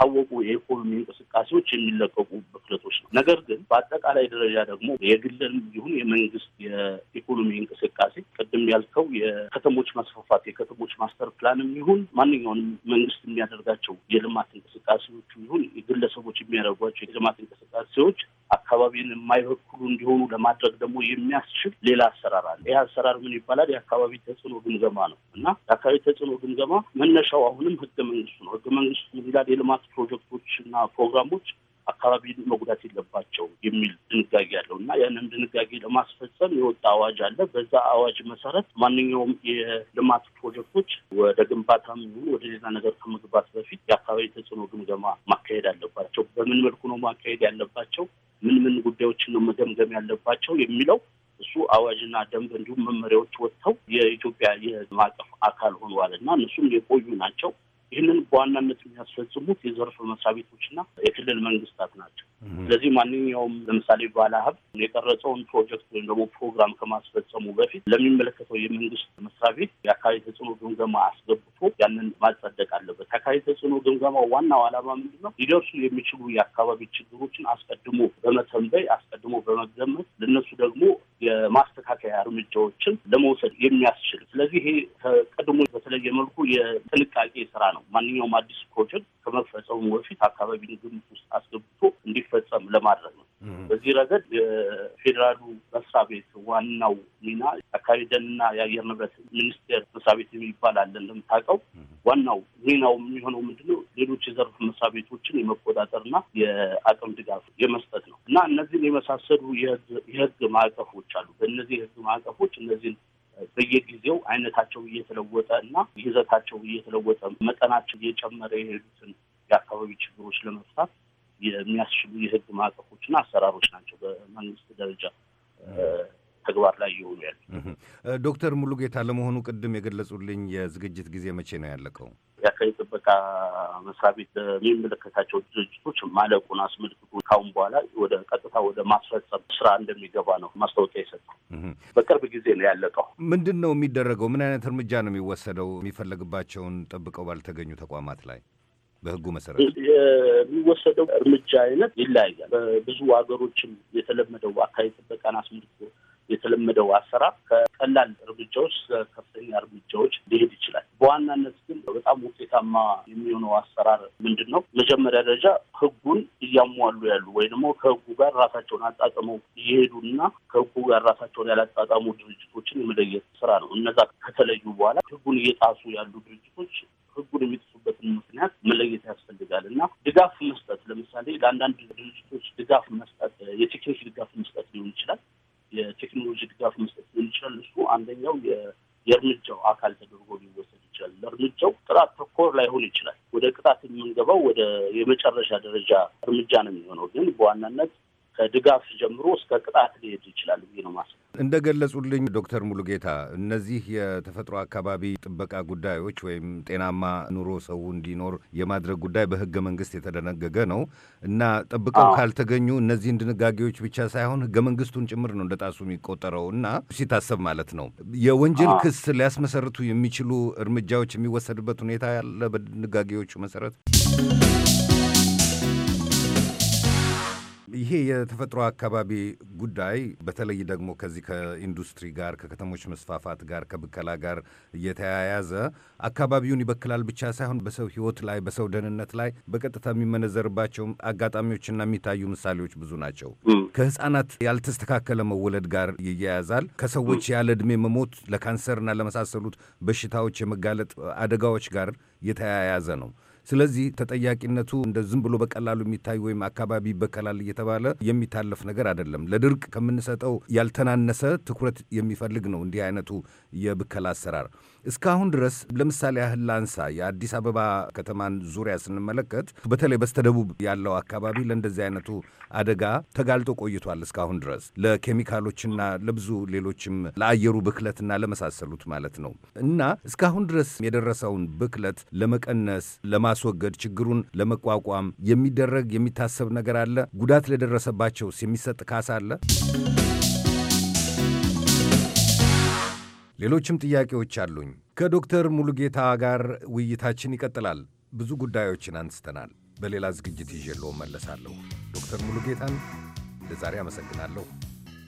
F: ታወቁ የኢኮኖሚ እንቅስቃሴዎች የሚለቀቁ ብክለቶች ነው። ነገር ግን በአጠቃላይ ደረጃ ደግሞ የግልን ይሁን የመንግስት የኢኮኖሚ እንቅስቃሴ ቅድም ያልከው የከተሞች ማስፋፋት የከተሞች ማስተር ፕላንም ይሁን ማንኛውንም መንግስት የሚያደርጋቸው የልማት እንቅስቃሴዎቹ ይሁን የግለሰቦች የሚያደርጓቸው የልማት እንቅስቃሴዎች አካባቢን የማይበክሉ እንዲሆኑ ለማድረግ ደግሞ የሚያስችል ሌላ አሰራር አለ። ይህ አሰራር ምን ይባላል? የአካባቢ ተጽዕኖ ግምገማ ነው እና የአካባቢ ተጽዕኖ ግምገማ መነሻው አሁንም ህገ መንግስቱ ነው። ህገ መንግስቱ ይላል የልማት ፕሮጀክቶች እና ፕሮግራሞች አካባቢ መጉዳት የለባቸው የሚል ድንጋጌ አለው እና ያንን ድንጋጌ ለማስፈጸም የወጣ አዋጅ አለ። በዛ አዋጅ መሰረት ማንኛውም የልማት ፕሮጀክቶች ወደ ግንባታ ይሁን ወደ ሌላ ነገር ከመግባት በፊት የአካባቢ ተጽዕኖ ግምገማ ማካሄድ አለባቸው። በምን መልኩ ነው ማካሄድ ያለባቸው? ምን ምን ጉዳዮችን ነው መገምገም ያለባቸው የሚለው እሱ አዋጅና ደንብ እንዲሁም መመሪያዎች ወጥተው የኢትዮጵያ የማቀፍ አካል ሆኗል እና እነሱም የቆዩ ናቸው። ይህንን በዋናነት የሚያስፈጽሙት የዘርፍ መስሪያ ቤቶችና የክልል መንግስታት ናቸው። ስለዚህ ማንኛውም ለምሳሌ ባለሀብት የቀረጸውን ፕሮጀክት ወይም ደግሞ ፕሮግራም ከማስፈጸሙ በፊት ለሚመለከተው የመንግስት መስሪያ ቤት የአካባቢ ተጽዕኖ ግምገማ አስገብቶ ያንን ማጸደቅ አለበት። የአካባቢ ተጽዕኖ ግምገማው ዋናው ዓላማ ምንድን ነው? ሊደርሱ የሚችሉ የአካባቢ ችግሮችን አስቀድሞ በመተንበይ አስቀድሞ በመገመት ለነሱ ደግሞ የማስተካከያ እርምጃዎችን ለመውሰድ የሚያስችል ስለዚህ ይሄ ከቀድሞ በተለየ መልኩ የጥንቃቄ ስራ ነው። ነው። ማንኛውም አዲስ ፕሮጀክት ከመፈጸሙ በፊት አካባቢን ግምት ውስጥ አስገብቶ እንዲፈጸም ለማድረግ ነው። በዚህ ረገድ የፌዴራሉ መስሪያ ቤት ዋናው ሚና አካባቢ ደንና የአየር ንብረት ሚኒስቴር መስሪያ ቤት የሚባል አለ እንደምታውቀው። ዋናው ሚናው የሚሆነው ምንድነው? ሌሎች የዘርፍ መስሪያ ቤቶችን የመቆጣጠርና የአቅም ድጋፍ የመስጠት ነው እና እነዚህን የመሳሰሉ የህግ ማዕቀፎች አሉ። በእነዚህ የህግ ማዕቀፎች እነዚህን በየጊዜው አይነታቸው እየተለወጠ እና ይዘታቸው እየተለወጠ መጠናቸው እየጨመረ የሄዱትን የአካባቢ ችግሮች ለመፍታት የሚያስችሉ የህግ ማዕቀፎችና አሰራሮች ናቸው በመንግስት ደረጃ ተግባር ላይ ይሆኑ ያለ።
G: ዶክተር ሙሉጌታ ለመሆኑ ቅድም የገለጹልኝ የዝግጅት ጊዜ መቼ ነው ያለቀው?
F: የአካባቢ ጥበቃ መስሪያ ቤት የሚመለከታቸው ድርጅቶች ማለቁን አስመልክቶ ካሁን በኋላ ወደ ቀጥታ ወደ ማስፈጸም ስራ እንደሚገባ ነው ማስታወቂያ የሰጠው። በቅርብ ጊዜ ነው ያለቀው።
G: ምንድን ነው የሚደረገው? ምን አይነት እርምጃ ነው የሚወሰደው? የሚፈለግባቸውን ጠብቀው ባልተገኙ ተቋማት ላይ በህጉ መሰረት
F: የሚወሰደው እርምጃ አይነት ይለያያል። በብዙ ሀገሮችም የተለመደው አካባቢ ጥበቃን አስመልክቶ የተለመደው አሰራር ከቀላል እርምጃዎች ከፍተኛ እርምጃዎች ሊሄድ ይችላል። በዋናነት ግን በጣም ውጤታማ የሚሆነው አሰራር ምንድን ነው? መጀመሪያ ደረጃ ህጉን እያሟሉ ያሉ ወይ ደግሞ ከህጉ ጋር ራሳቸውን አጣጥመው እየሄዱና ከህጉ ጋር ራሳቸውን ያላጣጣሙ ድርጅቶችን የመለየት ስራ ነው። እነዛ ከተለዩ በኋላ ህጉን እየጣሱ ያሉ ድርጅቶች ህጉን የሚጥሱበትን ምክንያት መለየት ያስፈልጋል እና ድጋፍ መስጠት ለምሳሌ ለአንዳንድ ድርጅቶች ድጋፍ መስጠት የቴክኒክ ድጋፍ መስጠት ሊሆን ይችላል። የቴክኖሎጂ ድጋፍ መስጠት ይችላል እሱ አንደኛው የእርምጃው አካል ተደርጎ ሊወሰድ ይችላል። ለእርምጃው ጥራት ተኮር ላይሆን ይችላል። ወደ ቅጣት የምንገባው ወደ የመጨረሻ ደረጃ እርምጃ ነው የሚሆነው። ግን በዋናነት ከድጋፍ ጀምሮ እስከ ቅጣት ሊሄድ ይችላል ብዬ ነው ማሰብ።
G: እንደ ገለጹልኝ ዶክተር ሙሉጌታ እነዚህ የተፈጥሮ አካባቢ ጥበቃ ጉዳዮች ወይም ጤናማ ኑሮ ሰው እንዲኖር የማድረግ ጉዳይ በህገ መንግስት የተደነገገ ነው እና ጠብቀው ካልተገኙ እነዚህን ድንጋጌዎች ብቻ ሳይሆን ህገ መንግስቱን ጭምር ነው እንደ ጣሱ የሚቆጠረው እና ሲታሰብ ማለት ነው የወንጀል ክስ ሊያስመሰርቱ የሚችሉ እርምጃዎች የሚወሰድበት ሁኔታ ያለ በድንጋጌዎቹ መሰረት ይሄ የተፈጥሮ አካባቢ ጉዳይ በተለይ ደግሞ ከዚህ ከኢንዱስትሪ ጋር ከከተሞች መስፋፋት ጋር ከብከላ ጋር እየተያያዘ አካባቢውን ይበክላል ብቻ ሳይሆን በሰው ሕይወት ላይ በሰው ደህንነት ላይ በቀጥታ የሚመነዘርባቸው አጋጣሚዎችና የሚታዩ ምሳሌዎች ብዙ ናቸው። ከህፃናት ያልተስተካከለ መወለድ ጋር ይያያዛል። ከሰዎች ያለ ዕድሜ መሞት ለካንሰርና ለመሳሰሉት በሽታዎች የመጋለጥ አደጋዎች ጋር የተያያዘ ነው። ስለዚህ ተጠያቂነቱ እንደ ዝም ብሎ በቀላሉ የሚታይ ወይም አካባቢ ይበከላል እየተባለ የሚታለፍ ነገር አይደለም። ለድርቅ ከምንሰጠው ያልተናነሰ ትኩረት የሚፈልግ ነው እንዲህ አይነቱ የብከላ አሰራር። እስካሁን ድረስ ለምሳሌ ያህል ላንሳ የአዲስ አበባ ከተማን ዙሪያ ስንመለከት በተለይ በስተደቡብ ያለው አካባቢ ለእንደዚህ አይነቱ አደጋ ተጋልጦ ቆይቷል። እስካሁን ድረስ ለኬሚካሎችና ለብዙ ሌሎችም ለአየሩ ብክለትና ለመሳሰሉት ማለት ነው እና እስካሁን ድረስ የደረሰውን ብክለት ለመቀነስ ለማስወገድ፣ ችግሩን ለመቋቋም የሚደረግ የሚታሰብ ነገር አለ? ጉዳት ለደረሰባቸውስ የሚሰጥ ካሳ አለ? ሌሎችም ጥያቄዎች አሉኝ። ከዶክተር ሙሉጌታ ጋር ውይይታችን ይቀጥላል። ብዙ ጉዳዮችን አንስተናል። በሌላ ዝግጅት ይዤለው መለሳለሁ። ዶክተር ሙሉጌታን ለዛሬ አመሰግናለሁ።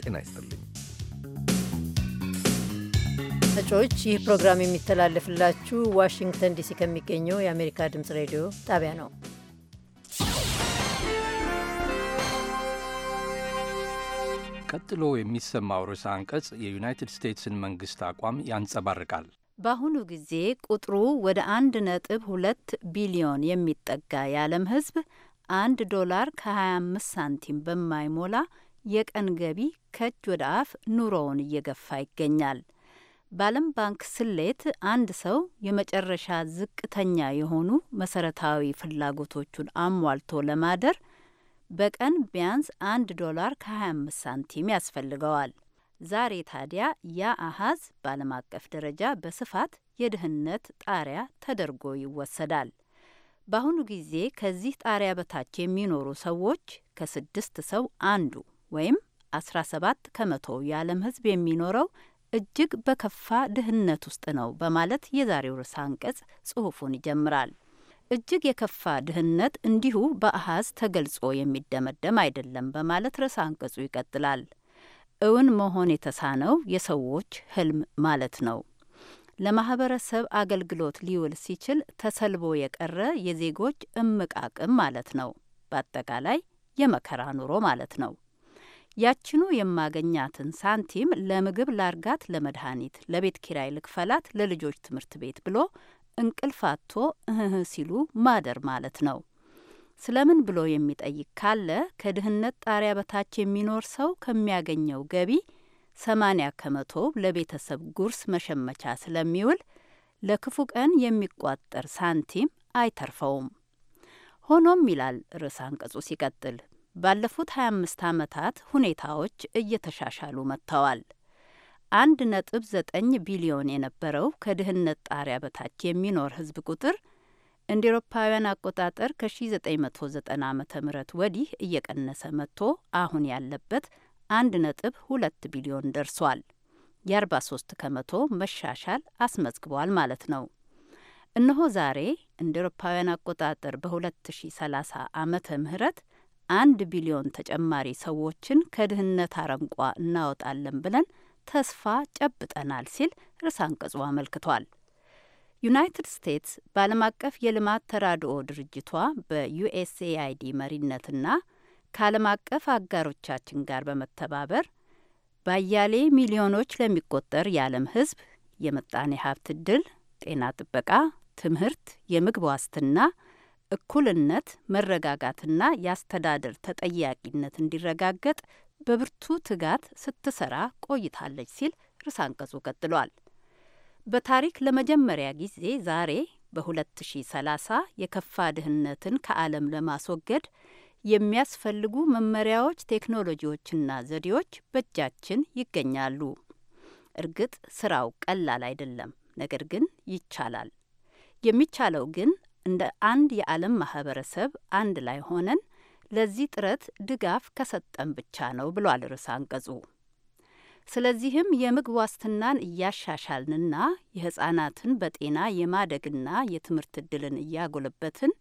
G: ጤና ይስጥልኝ።
B: አድማጮች፣ ይህ ፕሮግራም የሚተላለፍላችሁ ዋሽንግተን ዲሲ ከሚገኘው የአሜሪካ ድምፅ ሬዲዮ ጣቢያ ነው። ቀጥሎ የሚሰማው ርዕሰ አንቀጽ የዩናይትድ ስቴትስን መንግስት አቋም ያንጸባርቃል።
M: በአሁኑ ጊዜ ቁጥሩ ወደ አንድ ነጥብ ሁለት ቢሊዮን የሚጠጋ የዓለም ህዝብ አንድ ዶላር ከ25 ሳንቲም በማይሞላ የቀን ገቢ ከእጅ ወደ አፍ ኑሮውን እየገፋ ይገኛል። በዓለም ባንክ ስሌት አንድ ሰው የመጨረሻ ዝቅተኛ የሆኑ መሰረታዊ ፍላጎቶቹን አሟልቶ ለማደር በቀን ቢያንስ አንድ ዶላር ከ25 ሳንቲም ያስፈልገዋል። ዛሬ ታዲያ ያ አሃዝ በዓለም አቀፍ ደረጃ በስፋት የድህነት ጣሪያ ተደርጎ ይወሰዳል። በአሁኑ ጊዜ ከዚህ ጣሪያ በታች የሚኖሩ ሰዎች ከስድስት ሰው አንዱ ወይም 17 ከመቶ የዓለም ሕዝብ የሚኖረው እጅግ በከፋ ድህነት ውስጥ ነው በማለት የዛሬው ርዕሰ አንቀጽ ጽሑፉን ይጀምራል። እጅግ የከፋ ድህነት እንዲሁ በአሃዝ ተገልጾ የሚደመደም አይደለም በማለት ርዕሰ አንቀጹ ይቀጥላል። እውን መሆን የተሳነው የሰዎች ህልም ማለት ነው። ለማህበረሰብ አገልግሎት ሊውል ሲችል ተሰልቦ የቀረ የዜጎች እምቅ አቅም ማለት ነው። በአጠቃላይ የመከራ ኑሮ ማለት ነው። ያችኑ የማገኛትን ሳንቲም ለምግብ ላርጋት፣ ለመድኃኒት፣ ለቤት ኪራይ ልክፈላት፣ ለልጆች ትምህርት ቤት ብሎ እንቅልፍ አጥቶ እህህ ሲሉ ማደር ማለት ነው። ስለምን ብሎ የሚጠይቅ ካለ ከድህነት ጣሪያ በታች የሚኖር ሰው ከሚያገኘው ገቢ ሰማኒያ ከመቶ ለቤተሰብ ጉርስ መሸመቻ ስለሚውል ለክፉ ቀን የሚቋጠር ሳንቲም አይተርፈውም። ሆኖም ይላል ርዕስ አንቀጹ ሲቀጥል፣ ባለፉት 25 ዓመታት ሁኔታዎች እየተሻሻሉ መጥተዋል። አንድ ነጥብ ዘጠኝ ቢሊዮን የነበረው ከድህነት ጣሪያ በታች የሚኖር ህዝብ ቁጥር እንደ ኤሮፓውያን አቆጣጠር ከ1990 ዓ ም ወዲህ እየቀነሰ መጥቶ አሁን ያለበት አንድ ነጥብ ሁለት ቢሊዮን ደርሷል። የ43 ከመቶ መሻሻል አስመዝግቧል ማለት ነው። እነሆ ዛሬ እንደ ኤሮፓውያን አቆጣጠር በ2030 ዓመተ ምህረት አንድ ቢሊዮን ተጨማሪ ሰዎችን ከድህነት አረንቋ እናወጣለን ብለን ተስፋ ጨብጠናል ሲል ርዕሰ አንቀጹ አመልክቷል። ዩናይትድ ስቴትስ በዓለም አቀፍ የልማት ተራድኦ ድርጅቷ በዩኤስኤአይዲ መሪነትና ከዓለም አቀፍ አጋሮቻችን ጋር በመተባበር ባያሌ ሚሊዮኖች ለሚቆጠር የዓለም ሕዝብ የምጣኔ ሀብት እድል፣ ጤና ጥበቃ፣ ትምህርት፣ የምግብ ዋስትና፣ እኩልነት፣ መረጋጋትና የአስተዳደር ተጠያቂነት እንዲረጋገጥ በብርቱ ትጋት ስትሰራ ቆይታለች ሲል ርዕሰ አንቀጹ ቀጥሏል። በታሪክ ለመጀመሪያ ጊዜ ዛሬ በ2030 የከፋ ድህነትን ከዓለም ለማስወገድ የሚያስፈልጉ መመሪያዎች፣ ቴክኖሎጂዎችና ዘዴዎች በእጃችን ይገኛሉ። እርግጥ ስራው ቀላል አይደለም፣ ነገር ግን ይቻላል። የሚቻለው ግን እንደ አንድ የዓለም ማህበረሰብ አንድ ላይ ሆነን ለዚህ ጥረት ድጋፍ ከሰጠን ብቻ ነው ብሏል ርዕሰ አንቀጹ። ስለዚህም የምግብ ዋስትናን እያሻሻልንና የህጻናትን በጤና የማደግና የትምህርት እድልን እያጎለበትን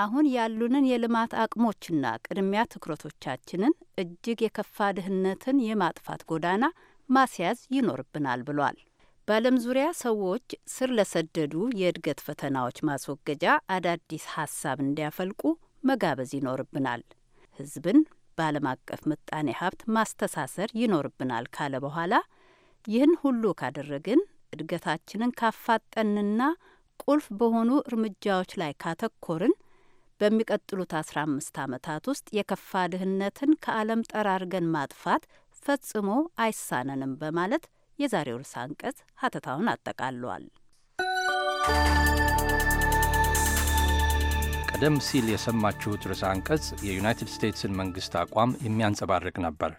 M: አሁን ያሉንን የልማት አቅሞችና ቅድሚያ ትኩረቶቻችንን እጅግ የከፋ ድህነትን የማጥፋት ጎዳና ማስያዝ ይኖርብናል ብሏል። በዓለም ዙሪያ ሰዎች ስር ለሰደዱ የእድገት ፈተናዎች ማስወገጃ አዳዲስ ሀሳብ እንዲያፈልቁ መጋበዝ ይኖርብናል። ህዝብን በዓለም አቀፍ ምጣኔ ሀብት ማስተሳሰር ይኖርብናል ካለ በኋላ ይህን ሁሉ ካደረግን እድገታችንን ካፋጠንና ቁልፍ በሆኑ እርምጃዎች ላይ ካተኮርን በሚቀጥሉት አስራ አምስት ዓመታት ውስጥ የከፋ ድህነትን ከዓለም ጠራርገን ማጥፋት ፈጽሞ አይሳነንም በማለት የዛሬው ርዕሰ አንቀጽ ሀተታውን አጠቃሏል።
B: ቀደም ሲል የሰማችሁት ርዕሰ አንቀጽ የዩናይትድ ስቴትስን መንግስት አቋም የሚያንጸባርቅ ነበር።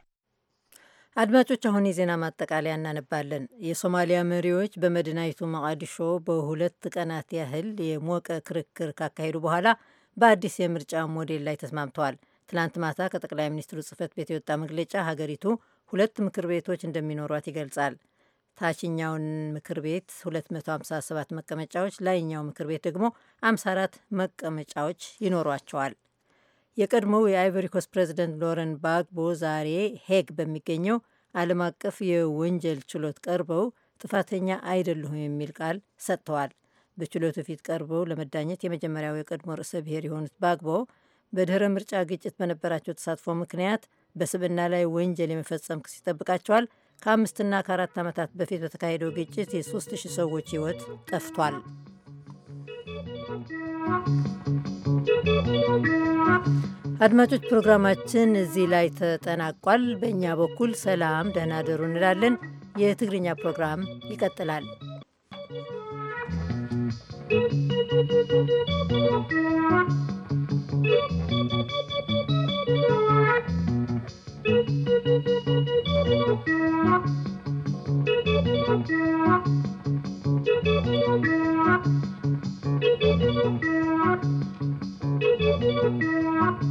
B: አድማጮች፣ አሁን የዜና ማጠቃለያ እናነባለን። የሶማሊያ መሪዎች በመዲናይቱ መቃዲሾ በሁለት ቀናት ያህል የሞቀ ክርክር ካካሄዱ በኋላ በአዲስ የምርጫ ሞዴል ላይ ተስማምተዋል። ትላንት ማታ ከጠቅላይ ሚኒስትሩ ጽህፈት ቤት የወጣ መግለጫ ሀገሪቱ ሁለት ምክር ቤቶች እንደሚኖሯት ይገልጻል። ታችኛውን ምክር ቤት 257 መቀመጫዎች፣ ላይኛው ምክር ቤት ደግሞ 54 መቀመጫዎች ይኖሯቸዋል። የቀድሞው የአይቨሪ ፕሬዚደንት ሎረን ባግቦ ዛሬ ሄግ በሚገኘው ዓለም አቀፍ የወንጀል ችሎት ቀርበው ጥፋተኛ አይደለሁም የሚል ቃል ሰጥተዋል። በችሎቱ ፊት ቀርበው ለመዳኘት የመጀመሪያው የቀድሞ ርዕሰ ብሔር የሆኑት ባግቦ በድህረ ምርጫ ግጭት በነበራቸው ተሳትፎ ምክንያት በስብና ላይ ወንጀል የመፈጸም ክስ ይጠብቃቸዋል። ከአምስትና ከአራት ዓመታት በፊት በተካሄደው ግጭት የሶስት ሺህ ሰዎች ሕይወት ጠፍቷል። አድማጮች ፕሮግራማችን እዚህ ላይ ተጠናቋል። በእኛ በኩል ሰላም ደህና ደሩ እንላለን። የትግርኛ ፕሮግራም ይቀጥላል።
K: Thank you.